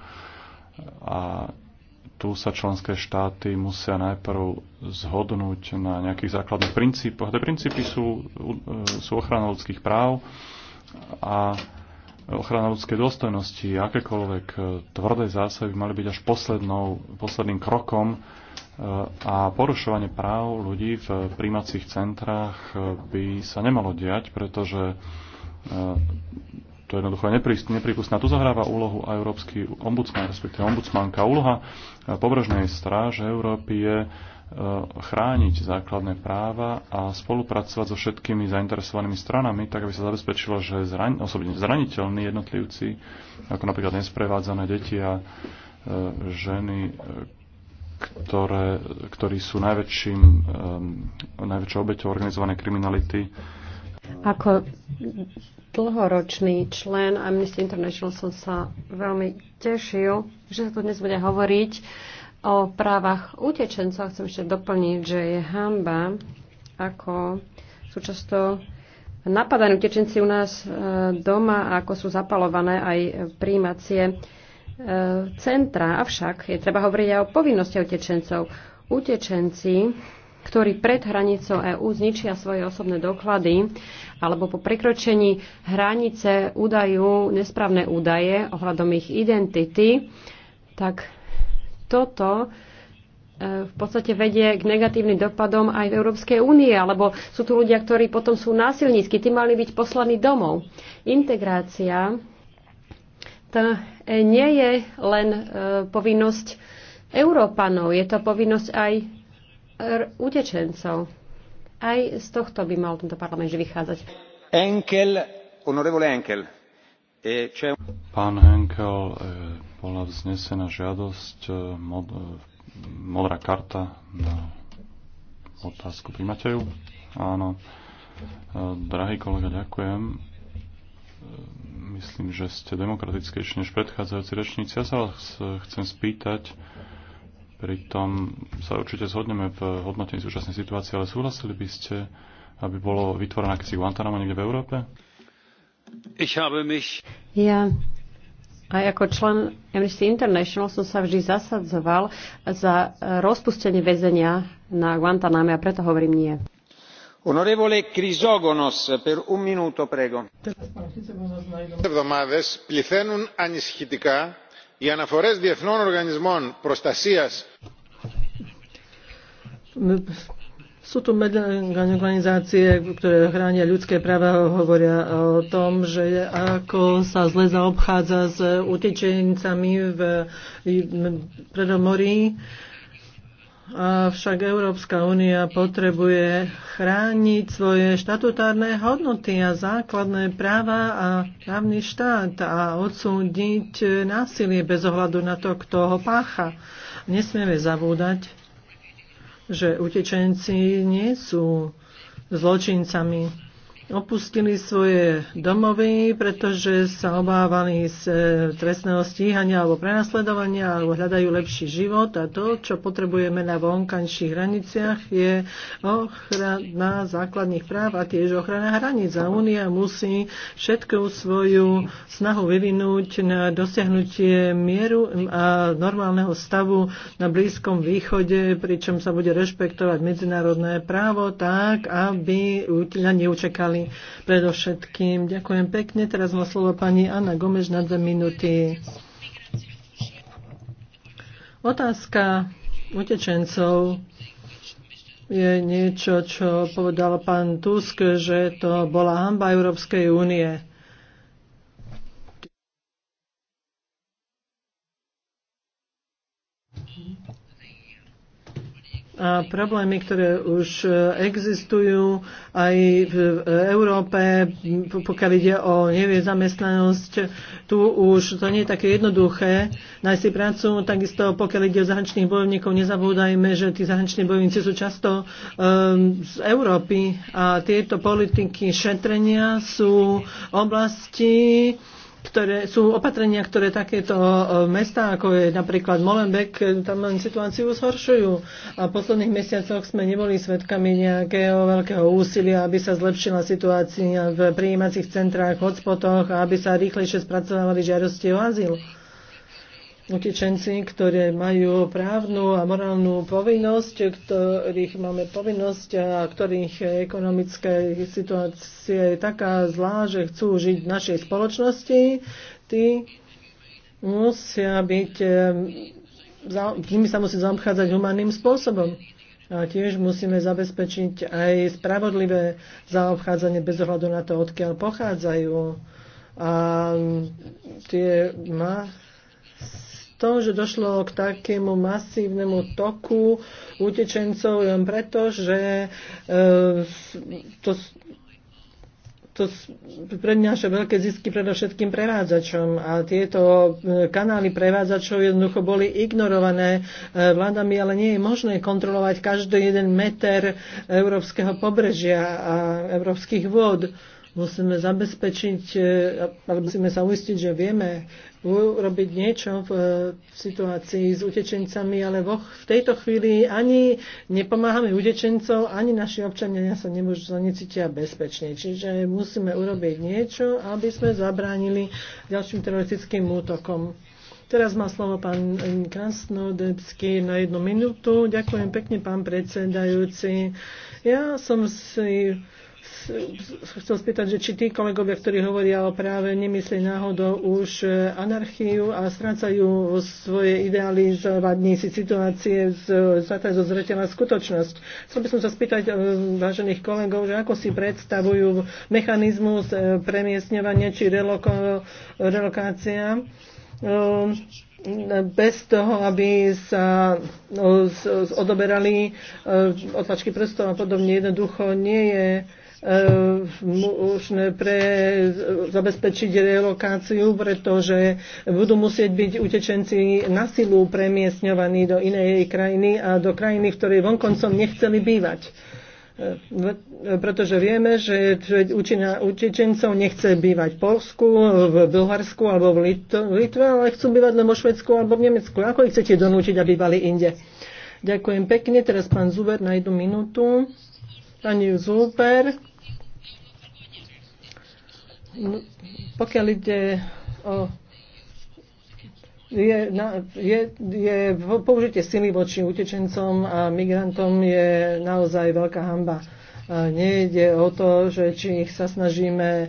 a tu sa členské štáty musia najprv zhodnúť na nejakých základných princípoch. Tie princípy sú, eh, sú ochrana ľudských práv a ochrana ľudskej dôstojnosti. Akékoľvek tvrdé zásahy by mali byť až poslednou, posledným krokom Eh, a porušovanie práv ľudí v príjmacích centrách eh, by sa nemalo diať, pretože eh, to je jednoducho nepripustné. Tu zahráva úlohu a Európsky ombudsman, respektíve ombudsmanka. Úloha pobrežnej stráže Európy je chrániť základné práva a spolupracovať so všetkými zainteresovanými stranami, tak aby sa zabezpečilo, že zran- osobne zraniteľní jednotlivci, ako napríklad nesprevádzané deti a ženy, ktoré, ktorí sú najväčším, um, najväčšou obeťou organizovanej kriminality. Ako dlhoročný člen Amnesty International som sa veľmi tešil, že sa tu dnes bude hovoriť o právach utečencov. Chcem ešte doplniť, že je hamba, ako sú často napadaní utečenci u nás eh, doma a ako sú zapalované aj príjmacie E, centra. Avšak je treba hovoriť aj o povinnosti utečencov. Utečenci, ktorí pred hranicou EÚ zničia svoje osobné doklady alebo po prekročení hranice údajú nesprávne údaje ohľadom ich identity, tak toto e, v podstate vedie k negatívnym dopadom aj v Európskej únie, alebo sú tu ľudia, ktorí potom sú násilnícky, tí mali byť poslaní domov. Integrácia to e, nie je len e, povinnosť Európanov, je to povinnosť aj e, utečencov. Aj z tohto by mal tento parlament vychádzať. Enkel, honorevole Enkel. Pán Henkel, bola vznesená žiadosť, mod, modrá karta na otázku. Príjmate Áno. Drahý kolega, ďakujem Myslím, že ste demokratickejšie než predchádzajúci rečníci. Ja sa vás eh, chcem spýtať, pritom sa určite zhodneme v hodnotení súčasnej situácie, ale súhlasili by ste, aby bolo vytvorené akcie Guantanamo niekde v Európe? Ich habe mich... Ja a ako člen Amnesty International som sa vždy zasadzoval za eh, rozpustenie väzenia na Guantaname a preto hovorím nie. Onorevole Εβδομάδες πληθαίνουν ανησυχητικά οι αναφορές διεθνών οργανισμών προστασίας sú tu organizácie, ktoré chránia ľudské práva, hovoria o tom, že ako sa zle zaobchádza s utečencami v Predomorí. Avšak Európska únia potrebuje chrániť svoje štatutárne hodnoty a základné práva a právny štát a odsúdiť násilie bez ohľadu na to, kto ho pácha. Nesmieme zabúdať, že utečenci nie sú zločincami opustili svoje domovy, pretože sa obávali z e, trestného stíhania alebo prenasledovania, alebo hľadajú lepší život. A to, čo potrebujeme na vonkajších hraniciach, je ochrana základných práv a tiež ochrana hraníc. A Únia musí všetkú svoju snahu vyvinúť na dosiahnutie mieru a normálneho stavu na Blízkom východe, pričom sa bude rešpektovať medzinárodné právo tak, aby na neučekali mali predovšetkým. Ďakujem pekne. Teraz má slovo pani Anna Gomež na dve minúty. Otázka utečencov je niečo, čo povedal pán Tusk, že to bola hamba Európskej únie a problémy, ktoré už e, existujú aj v Európe, pokiaľ ide o nevie zamestnanosť, tu už to nie je také jednoduché nájsť si prácu. Takisto pokiaľ ide o zahraničných bojovníkov, nezabúdajme, že tí zahraniční bojovníci sú často um, z Európy a tieto politiky šetrenia sú oblasti, ktoré, sú opatrenia, ktoré takéto e, mesta, ako je napríklad Molenbeek, e, tam len situáciu zhoršujú. A v posledných mesiacoch sme neboli svedkami nejakého veľkého úsilia, aby sa zlepšila situácia v prijímacích centrách, hotspotoch a aby sa rýchlejšie spracovali žiadosti o azyl utečenci, ktoré majú právnu a morálnu povinnosť, ktorých máme povinnosť a ktorých ekonomická situácia je taká zlá, že chcú žiť v našej spoločnosti, tí musia byť, tými sa musí zaobchádzať humanným spôsobom. A tiež musíme zabezpečiť aj spravodlivé zaobchádzanie bez ohľadu na to, odkiaľ pochádzajú. A tie má to, že došlo k takému masívnemu toku utečencov len preto, že e, to to prednáša veľké zisky predovšetkým prevádzačom a tieto e, kanály prevádzačov jednoducho boli ignorované e, vládami, ale nie je možné kontrolovať každý jeden meter európskeho pobrežia a európskych vôd. Musíme zabezpečiť, e, ale musíme sa uistiť, že vieme urobiť niečo v, e, v situácii s utečencami, ale vo, v tejto chvíli ani nepomáhame utečencov, ani naši občania sa nemôžu sa necítia bezpečne. Čiže musíme urobiť niečo, aby sme zabránili ďalším teroristickým útokom. Teraz má slovo pán Krasnodebský na jednu minútu. Ďakujem pekne, pán predsedajúci. Ja som si chcem spýtať, že či tí kolegovia, ktorí hovoria o práve, nemyslí náhodou už e, anarchiu a strácajú svoje idealizovanie si situácie z, zataj zo zreteľa skutočnosť. Chcel by som sa spýtať e, vážených kolegov, že ako si predstavujú mechanizmus e, premiesňovania či reloko, relokácia bez toho, aby sa no, odoberali otlačky prstov a podobne. Jednoducho nie je možné pre zabezpečiť relokáciu, pretože budú musieť byť utečenci na silu premiesňovaní do inej krajiny a do krajiny, v ktorej vonkoncom nechceli bývať pretože vieme, že učina utečencov nechce bývať v Polsku, v Bulharsku alebo v Litve, ale chcú bývať len vo Švedsku alebo v Nemecku. Ako ich chcete donútiť, aby bývali inde? Ďakujem pekne. Teraz pán Zuber na jednu minútu. Pani Zuber. No, pokiaľ ide o je, na, je, je použitie sily voči utečencom a migrantom je naozaj veľká hamba. Nejde o to, že či ich sa snažíme e,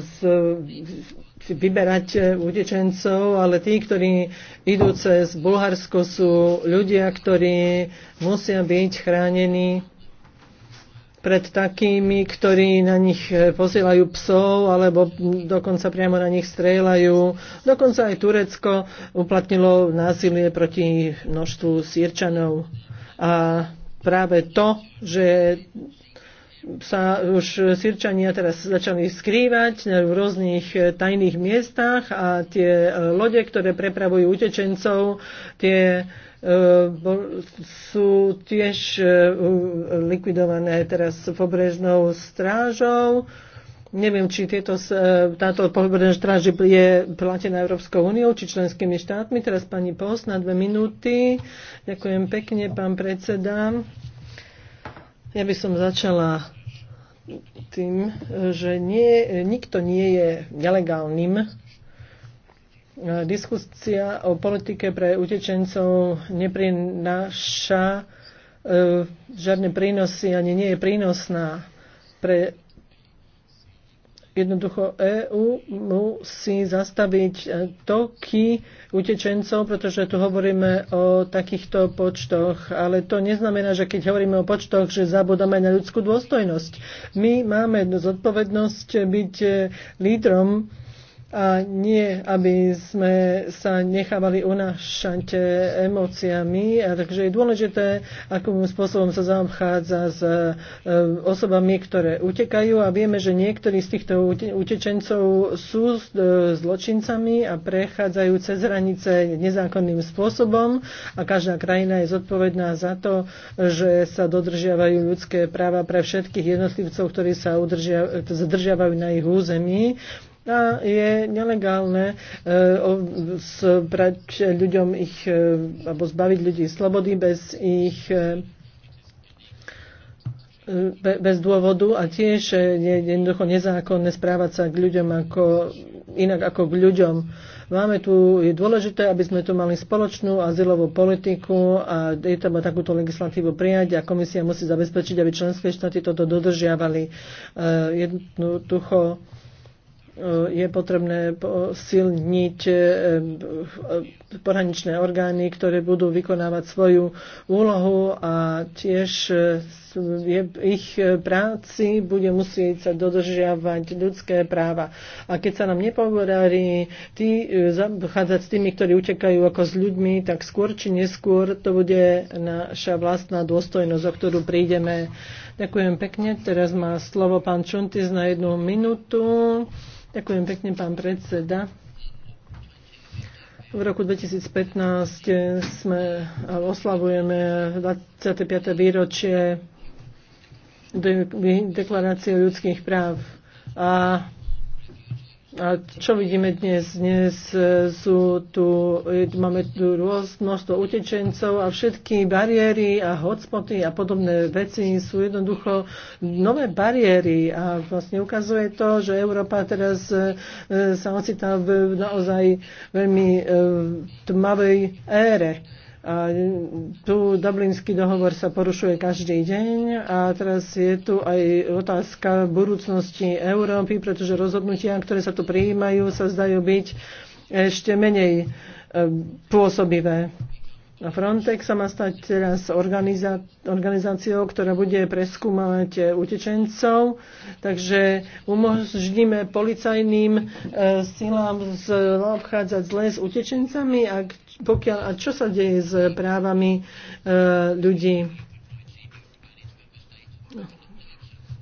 z, vyberať e, utečencov, ale tí, ktorí idú cez Bulharsko, sú ľudia, ktorí musia byť chránení pred takými, ktorí na nich e, posielajú psov alebo dokonca priamo na nich strieľajú. Dokonca aj Turecko uplatnilo násilie proti množstvu sírčanov. A práve to, že sa už Sirčania teraz začali skrývať v rôznych eh, tajných miestach a tie eh, lode, ktoré prepravujú utečencov, tie eh, sú tiež likvidované teraz pobrežnou strážou. Neviem, či tieto, táto pobrežná stráž je platená Európskou úniou či členskými štátmi. Teraz pani Post na dve minúty. Ďakujem pekne, pán predseda. Ja by som začala tým, že nie, nikto nie je nelegálnym. Diskusia o politike pre utečencov neprináša e, žiadne prínosy ani nie je prínosná pre Jednoducho EÚ musí zastaviť e, toky utečencov, pretože tu hovoríme o takýchto počtoch. Ale to neznamená, že keď hovoríme o počtoch, že zabudáme na ľudskú dôstojnosť. My máme zodpovednosť byť e, lídrom a nie, aby sme sa nechávali unášať eh, emóciami. A takže je dôležité, akým spôsobom sa zaobchádza s eh, osobami, ktoré utekajú a vieme, že niektorí z týchto utečencov sú eh, zločincami a prechádzajú cez hranice nezákonným spôsobom a každá krajina je zodpovedná za to, že sa dodržiavajú ľudské práva pre všetkých jednotlivcov, ktorí sa udržia, zdržiavajú na ich území a je nelegálne e, brať ľuďom ich, e, alebo zbaviť ľudí slobody bez ich e, bez dôvodu a tiež je jednoducho nezákonné správať sa k ľuďom ako, inak ako k ľuďom. Máme tu, je dôležité, aby sme tu mali spoločnú azylovú politiku a je treba takúto legislatívu prijať a komisia musí zabezpečiť, aby členské štáty toto dodržiavali. Jednoducho je potrebné posilniť e, e, pohraničné orgány, ktoré budú vykonávať svoju úlohu a tiež ich e, práci bude musieť sa dodržiavať ľudské práva. A keď sa nám nepovodarí tí, e, zachádzať s tými, ktorí utekajú ako s ľuďmi, tak skôr či neskôr to bude naša vlastná dôstojnosť, o ktorú prídeme. Ďakujem pekne. Teraz má slovo pán Čuntis na jednu minútu. Ďakujem pekne, pán predseda. V roku 2015 sme oslavujeme 25. výročie o ľudských práv. A a čo vidíme dnes? Dnes e, sú e, tu, máme tu rôz, množstvo utečencov a všetky bariéry a hotspoty a podobné veci sú jednoducho nové bariéry a vlastne ukazuje to, že Európa teraz e, sa ocitá v naozaj veľmi tmavej ére tu Dublinský dohovor sa porušuje každý deň a teraz je tu aj otázka budúcnosti Európy, pretože rozhodnutia, ktoré sa tu prijímajú, sa zdajú byť ešte menej e, pôsobivé. Frontex sa má stať teraz organizá- organizáciou, ktorá bude preskúmať e, utečencov, takže umožníme policajným e, silám z, obchádzať zle s utečencami a, pokiaľ, a čo sa deje s právami e, ľudí.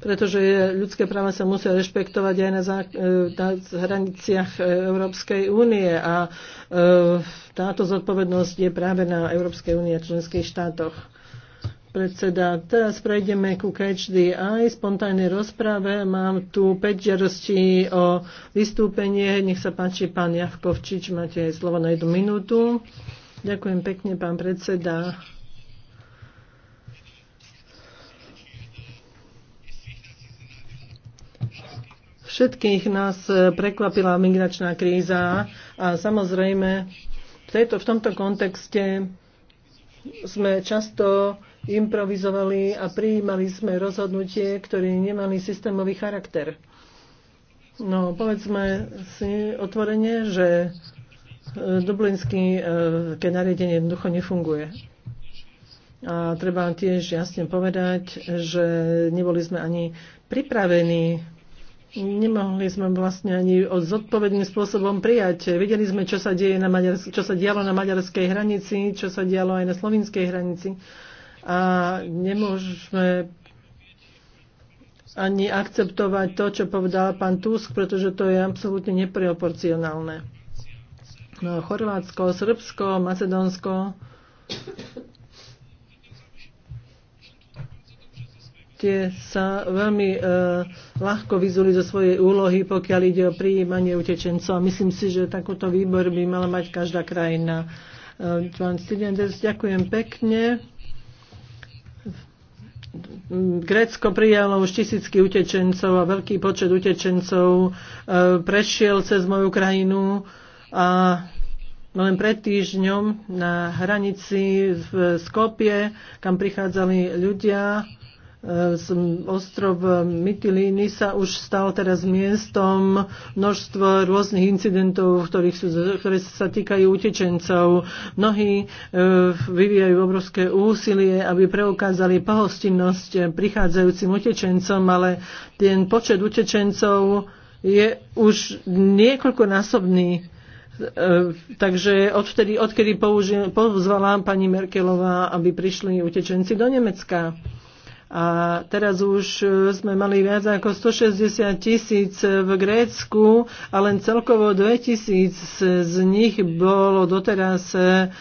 pretože ľudské práva sa musia rešpektovať aj na, zá, e, na hraniciach e, Európskej únie a e, táto zodpovednosť je práve na Európskej únie a členských štátoch predseda. Teraz prejdeme ku KHD aj spontánnej rozprave. Mám tu 5 žiadostí o vystúpenie. Nech sa páči, pán Javkovčič, máte slovo na jednu minútu. Ďakujem pekne, pán predseda. Všetkých nás e, prekvapila migračná kríza a samozrejme v, tejto, v tomto kontexte sme často improvizovali a prijímali sme rozhodnutie, ktoré nemali systémový charakter. No, povedzme si otvorene, že e, dublinský e, keď nariadenie jednoducho nefunguje. A treba tiež jasne povedať, že neboli sme ani pripravení nemohli sme vlastne ani zodpovedným spôsobom prijať. Videli sme, čo sa, deje na Maďars- čo sa dialo na maďarskej hranici, čo sa dialo aj na slovinskej hranici. A nemôžeme ani akceptovať to, čo povedal pán Tusk, pretože to je absolútne neproporcionálne. No, Chorvátsko, Srbsko, Macedónsko tie sa veľmi e, ľahko vyzuli zo svojej úlohy, pokiaľ ide o prijímanie utečencov. Myslím si, že takúto výbor by mala mať každá krajina. E, pán ďakujem pekne. Grécko prijalo už tisícky utečencov a veľký počet utečencov e, prešiel cez moju krajinu a len pred týždňom na hranici v Skopie, kam prichádzali ľudia, ostrov Mytilíny sa už stal teraz miestom množstvo rôznych incidentov, ktorých sú, ktoré sa týkajú utečencov. Mnohí e, vyvíjajú obrovské úsilie, aby preukázali pohostinnosť prichádzajúcim utečencom, ale ten počet utečencov je už niekoľkonásobný e, takže odtedy, odkedy použi- pozvala pani Merkelová, aby prišli utečenci do Nemecka. A teraz už e, sme mali viac ako 160 tisíc v Grécku a len celkovo 2 tisíc z nich bolo doteraz e,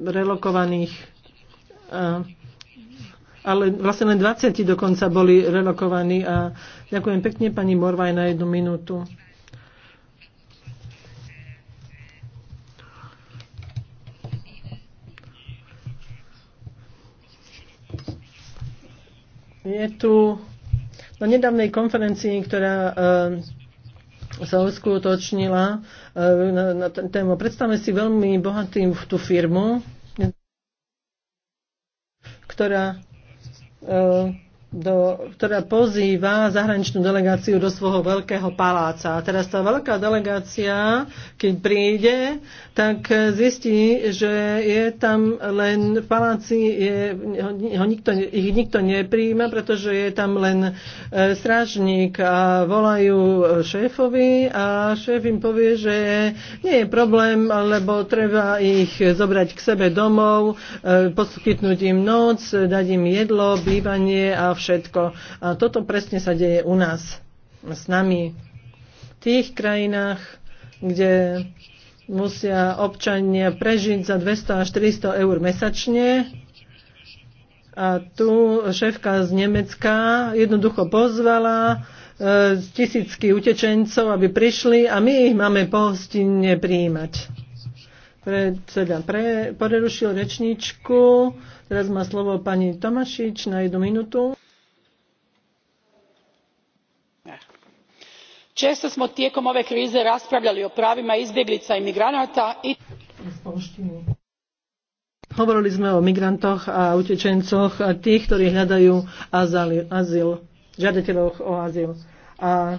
relokovaných. Ale vlastne len 20 dokonca boli relokovaní. A ďakujem pekne pani Morvaj na jednu minútu. je tu na nedávnej konferencii, ktorá eh, sa uskutočnila eh, na, na tému. Predstavme si veľmi bohatým tú firmu, ktorá eh, do, ktorá pozýva zahraničnú delegáciu do svojho veľkého paláca. A teraz tá veľká delegácia, keď príde, tak zistí, že je tam len v paláci, je, ho, ho nikto, ich nikto nepríjima, pretože je tam len e, strážnik a volajú šéfovi a šéf im povie, že nie je problém, lebo treba ich zobrať k sebe domov, e, poskytnúť im noc, dať im jedlo, bývanie a všetko. A toto presne sa deje u nás, s nami. V tých krajinách, kde musia občania prežiť za 200 až 400 eur mesačne, a tu šéfka z Nemecka jednoducho pozvala e, tisícky utečencov, aby prišli a my ich máme pohostinne prijímať. Predseda pre, prerušil rečníčku. Teraz má slovo pani Tomašič na jednu minútu. esto smo tijekom ove krize raspravljali o pravima izbjeglica i migranata i Hovorili sme o migrantoch a utečencoch a tých, ktorí hľadajú azyl žiadateľov o azyl. A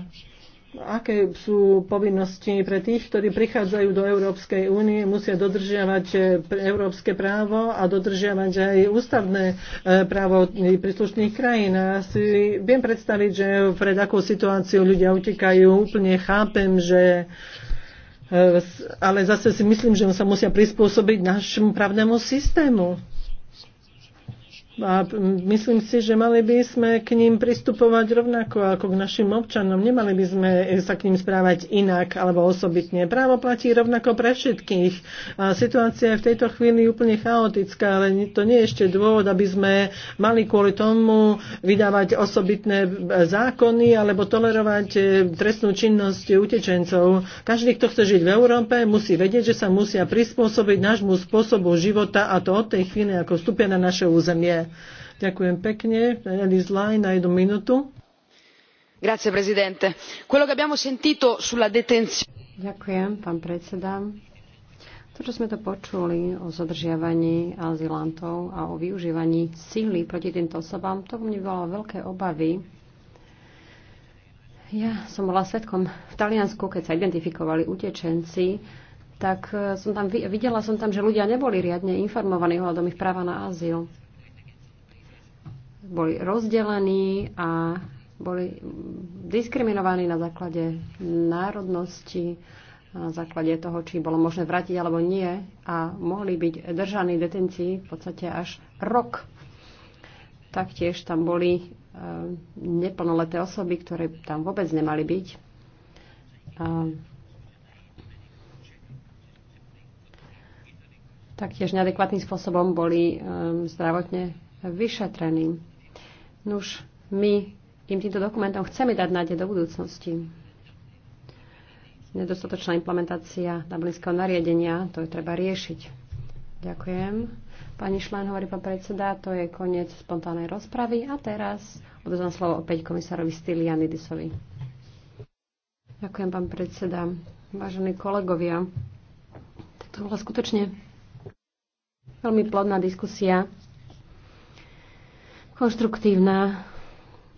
aké sú povinnosti pre tých, ktorí prichádzajú do Európskej únie, musia dodržiavať eh, európske právo a dodržiavať aj ústavné eh, právo príslušných krajín. A ja si viem predstaviť, že pred akou situáciu ľudia utekajú, úplne chápem, že eh, ale zase si myslím, že sa musia prispôsobiť našemu právnemu systému. A myslím si, že mali by sme k ním pristupovať rovnako ako k našim občanom. Nemali by sme sa k ním správať inak alebo osobitne. Právo platí rovnako pre všetkých. A situácia je v tejto chvíli úplne chaotická, ale to nie je ešte dôvod, aby sme mali kvôli tomu vydávať osobitné zákony alebo tolerovať e, trestnú činnosť utečencov. Každý, kto chce žiť v Európe, musí vedieť, že sa musia prispôsobiť nášmu spôsobu života a to od tej chvíli, ako vstúpia na naše územie. Ďakujem pekne. na jednu minútu. Grazie, presidente. Quello che abbiamo sentito sulla detenzione. Ďakujem, pán predseda. To, čo sme to počuli o zadržiavaní azylantov a o využívaní síly proti týmto osobám, to mne bolo veľké obavy. Ja som bola svetkom v Taliansku, keď sa identifikovali utečenci, tak som tam, videla som tam, že ľudia neboli riadne informovaní ohľadom ich práva na azyl boli rozdelení a boli diskriminovaní na základe národnosti, na základe toho, či bolo možné vrátiť alebo nie a mohli byť držaní detencii v podstate až rok. Taktiež tam boli e, neplnoleté osoby, ktoré tam vôbec nemali byť. taktiež neadekvátnym spôsobom boli e, zdravotne vyšetrení. Nuž, my im týmto dokumentom chceme dať nádej do budúcnosti. Nedostatočná implementácia dublinského nariadenia, to je treba riešiť. Ďakujem. Pani Šlán hovorí pán predseda, to je koniec spontánnej rozpravy a teraz odozvám slovo opäť komisárovi Stylianidisovi. Ďakujem, pán predseda. Vážení kolegovia, tak to bola skutočne veľmi plodná diskusia konštruktívna.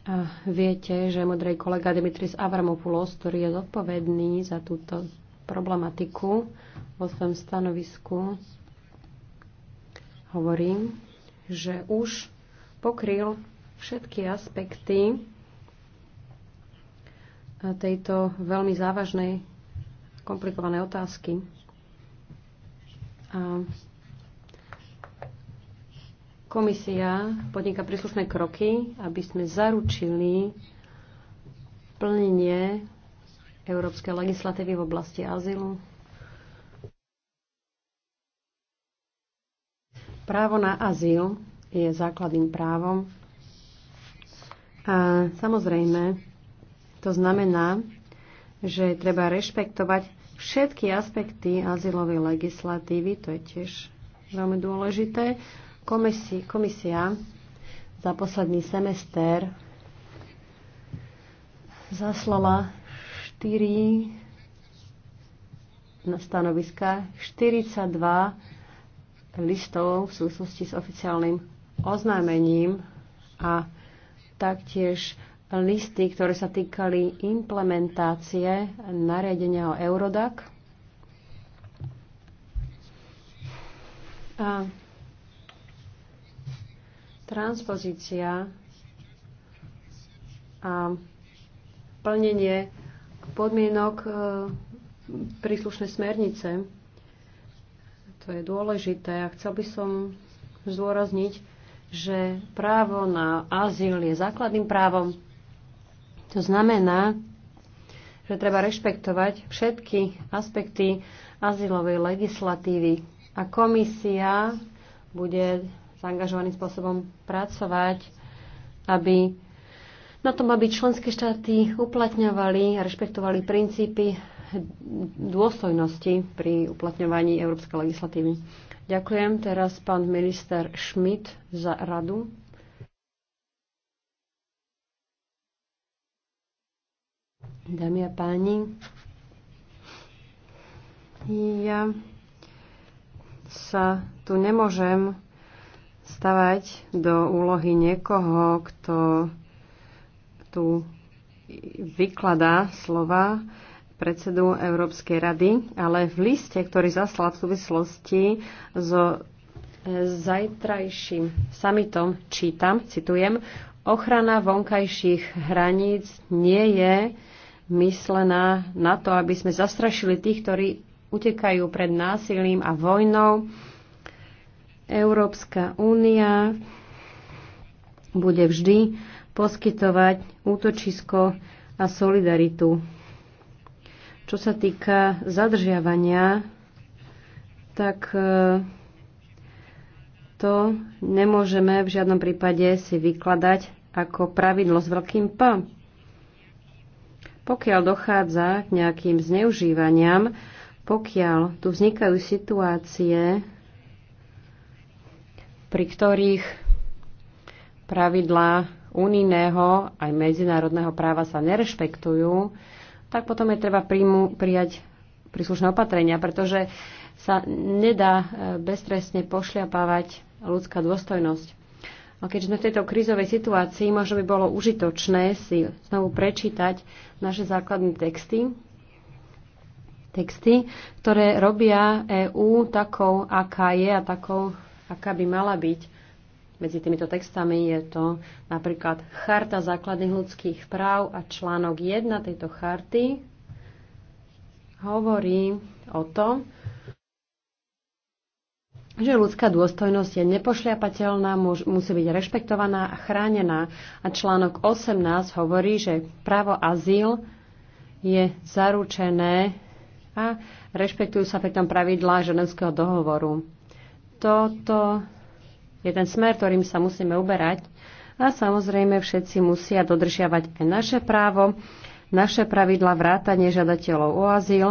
A viete, že modrej kolega Dimitris Avramopoulos, ktorý je zodpovedný za túto problematiku vo svojom stanovisku, hovorím, že už pokryl všetky aspekty tejto veľmi závažnej, komplikovanej otázky. A Komisia podniká príslušné kroky, aby sme zaručili plnenie európskej legislatívy v oblasti azylu. Právo na azyl je základným právom a samozrejme to znamená, že treba rešpektovať všetky aspekty azylovej legislatívy, to je tiež veľmi dôležité. Komisi, komisia za posledný semester zaslala 4 na stanoviska 42 listov v súvislosti s oficiálnym oznámením a taktiež listy, ktoré sa týkali implementácie nariadenia o Eurodac. A transpozícia a plnenie podmienok e, príslušnej smernice. To je dôležité a chcel by som zdôrazniť, že právo na azyl je základným právom. To znamená, že treba rešpektovať všetky aspekty azylovej legislatívy. A komisia bude zaangažovaným spôsobom pracovať, aby na tom, aby členské štáty uplatňovali a rešpektovali princípy dôstojnosti pri uplatňovaní európskej legislatívy. Ďakujem teraz pán minister Schmidt za radu. Dámy a páni, ja sa tu nemôžem stavať do úlohy niekoho, kto tu vykladá slova predsedu Európskej rady, ale v liste, ktorý zaslal v súvislosti so e, zajtrajším samitom čítam, citujem, ochrana vonkajších hraníc nie je myslená na to, aby sme zastrašili tých, ktorí utekajú pred násilím a vojnou, Európska únia bude vždy poskytovať útočisko a solidaritu. Čo sa týka zadržiavania, tak e, to nemôžeme v žiadnom prípade si vykladať ako pravidlo s veľkým P. Pokiaľ dochádza k nejakým zneužívaniam, pokiaľ tu vznikajú situácie, pri ktorých pravidlá unijného aj medzinárodného práva sa nerešpektujú, tak potom je treba príjmu, prijať príslušné opatrenia, pretože sa nedá e, beztrestne pošliapávať ľudská dôstojnosť. A keďže sme v tejto krízovej situácii, možno by bolo užitočné si znovu prečítať naše základné texty, texty, ktoré robia EÚ takou, aká je a takou, aká by mala byť. Medzi týmito textami je to napríklad Charta základných ľudských práv a článok 1 tejto charty hovorí o tom, že ľudská dôstojnosť je nepošliapateľná, musí byť rešpektovaná a chránená. A článok 18 hovorí, že právo azyl je zaručené a rešpektujú sa tom pravidlá ženevského dohovoru. Toto je ten smer, ktorým sa musíme uberať. A samozrejme všetci musia dodržiavať aj naše právo, naše pravidla vrátanie žiadateľov o azyl,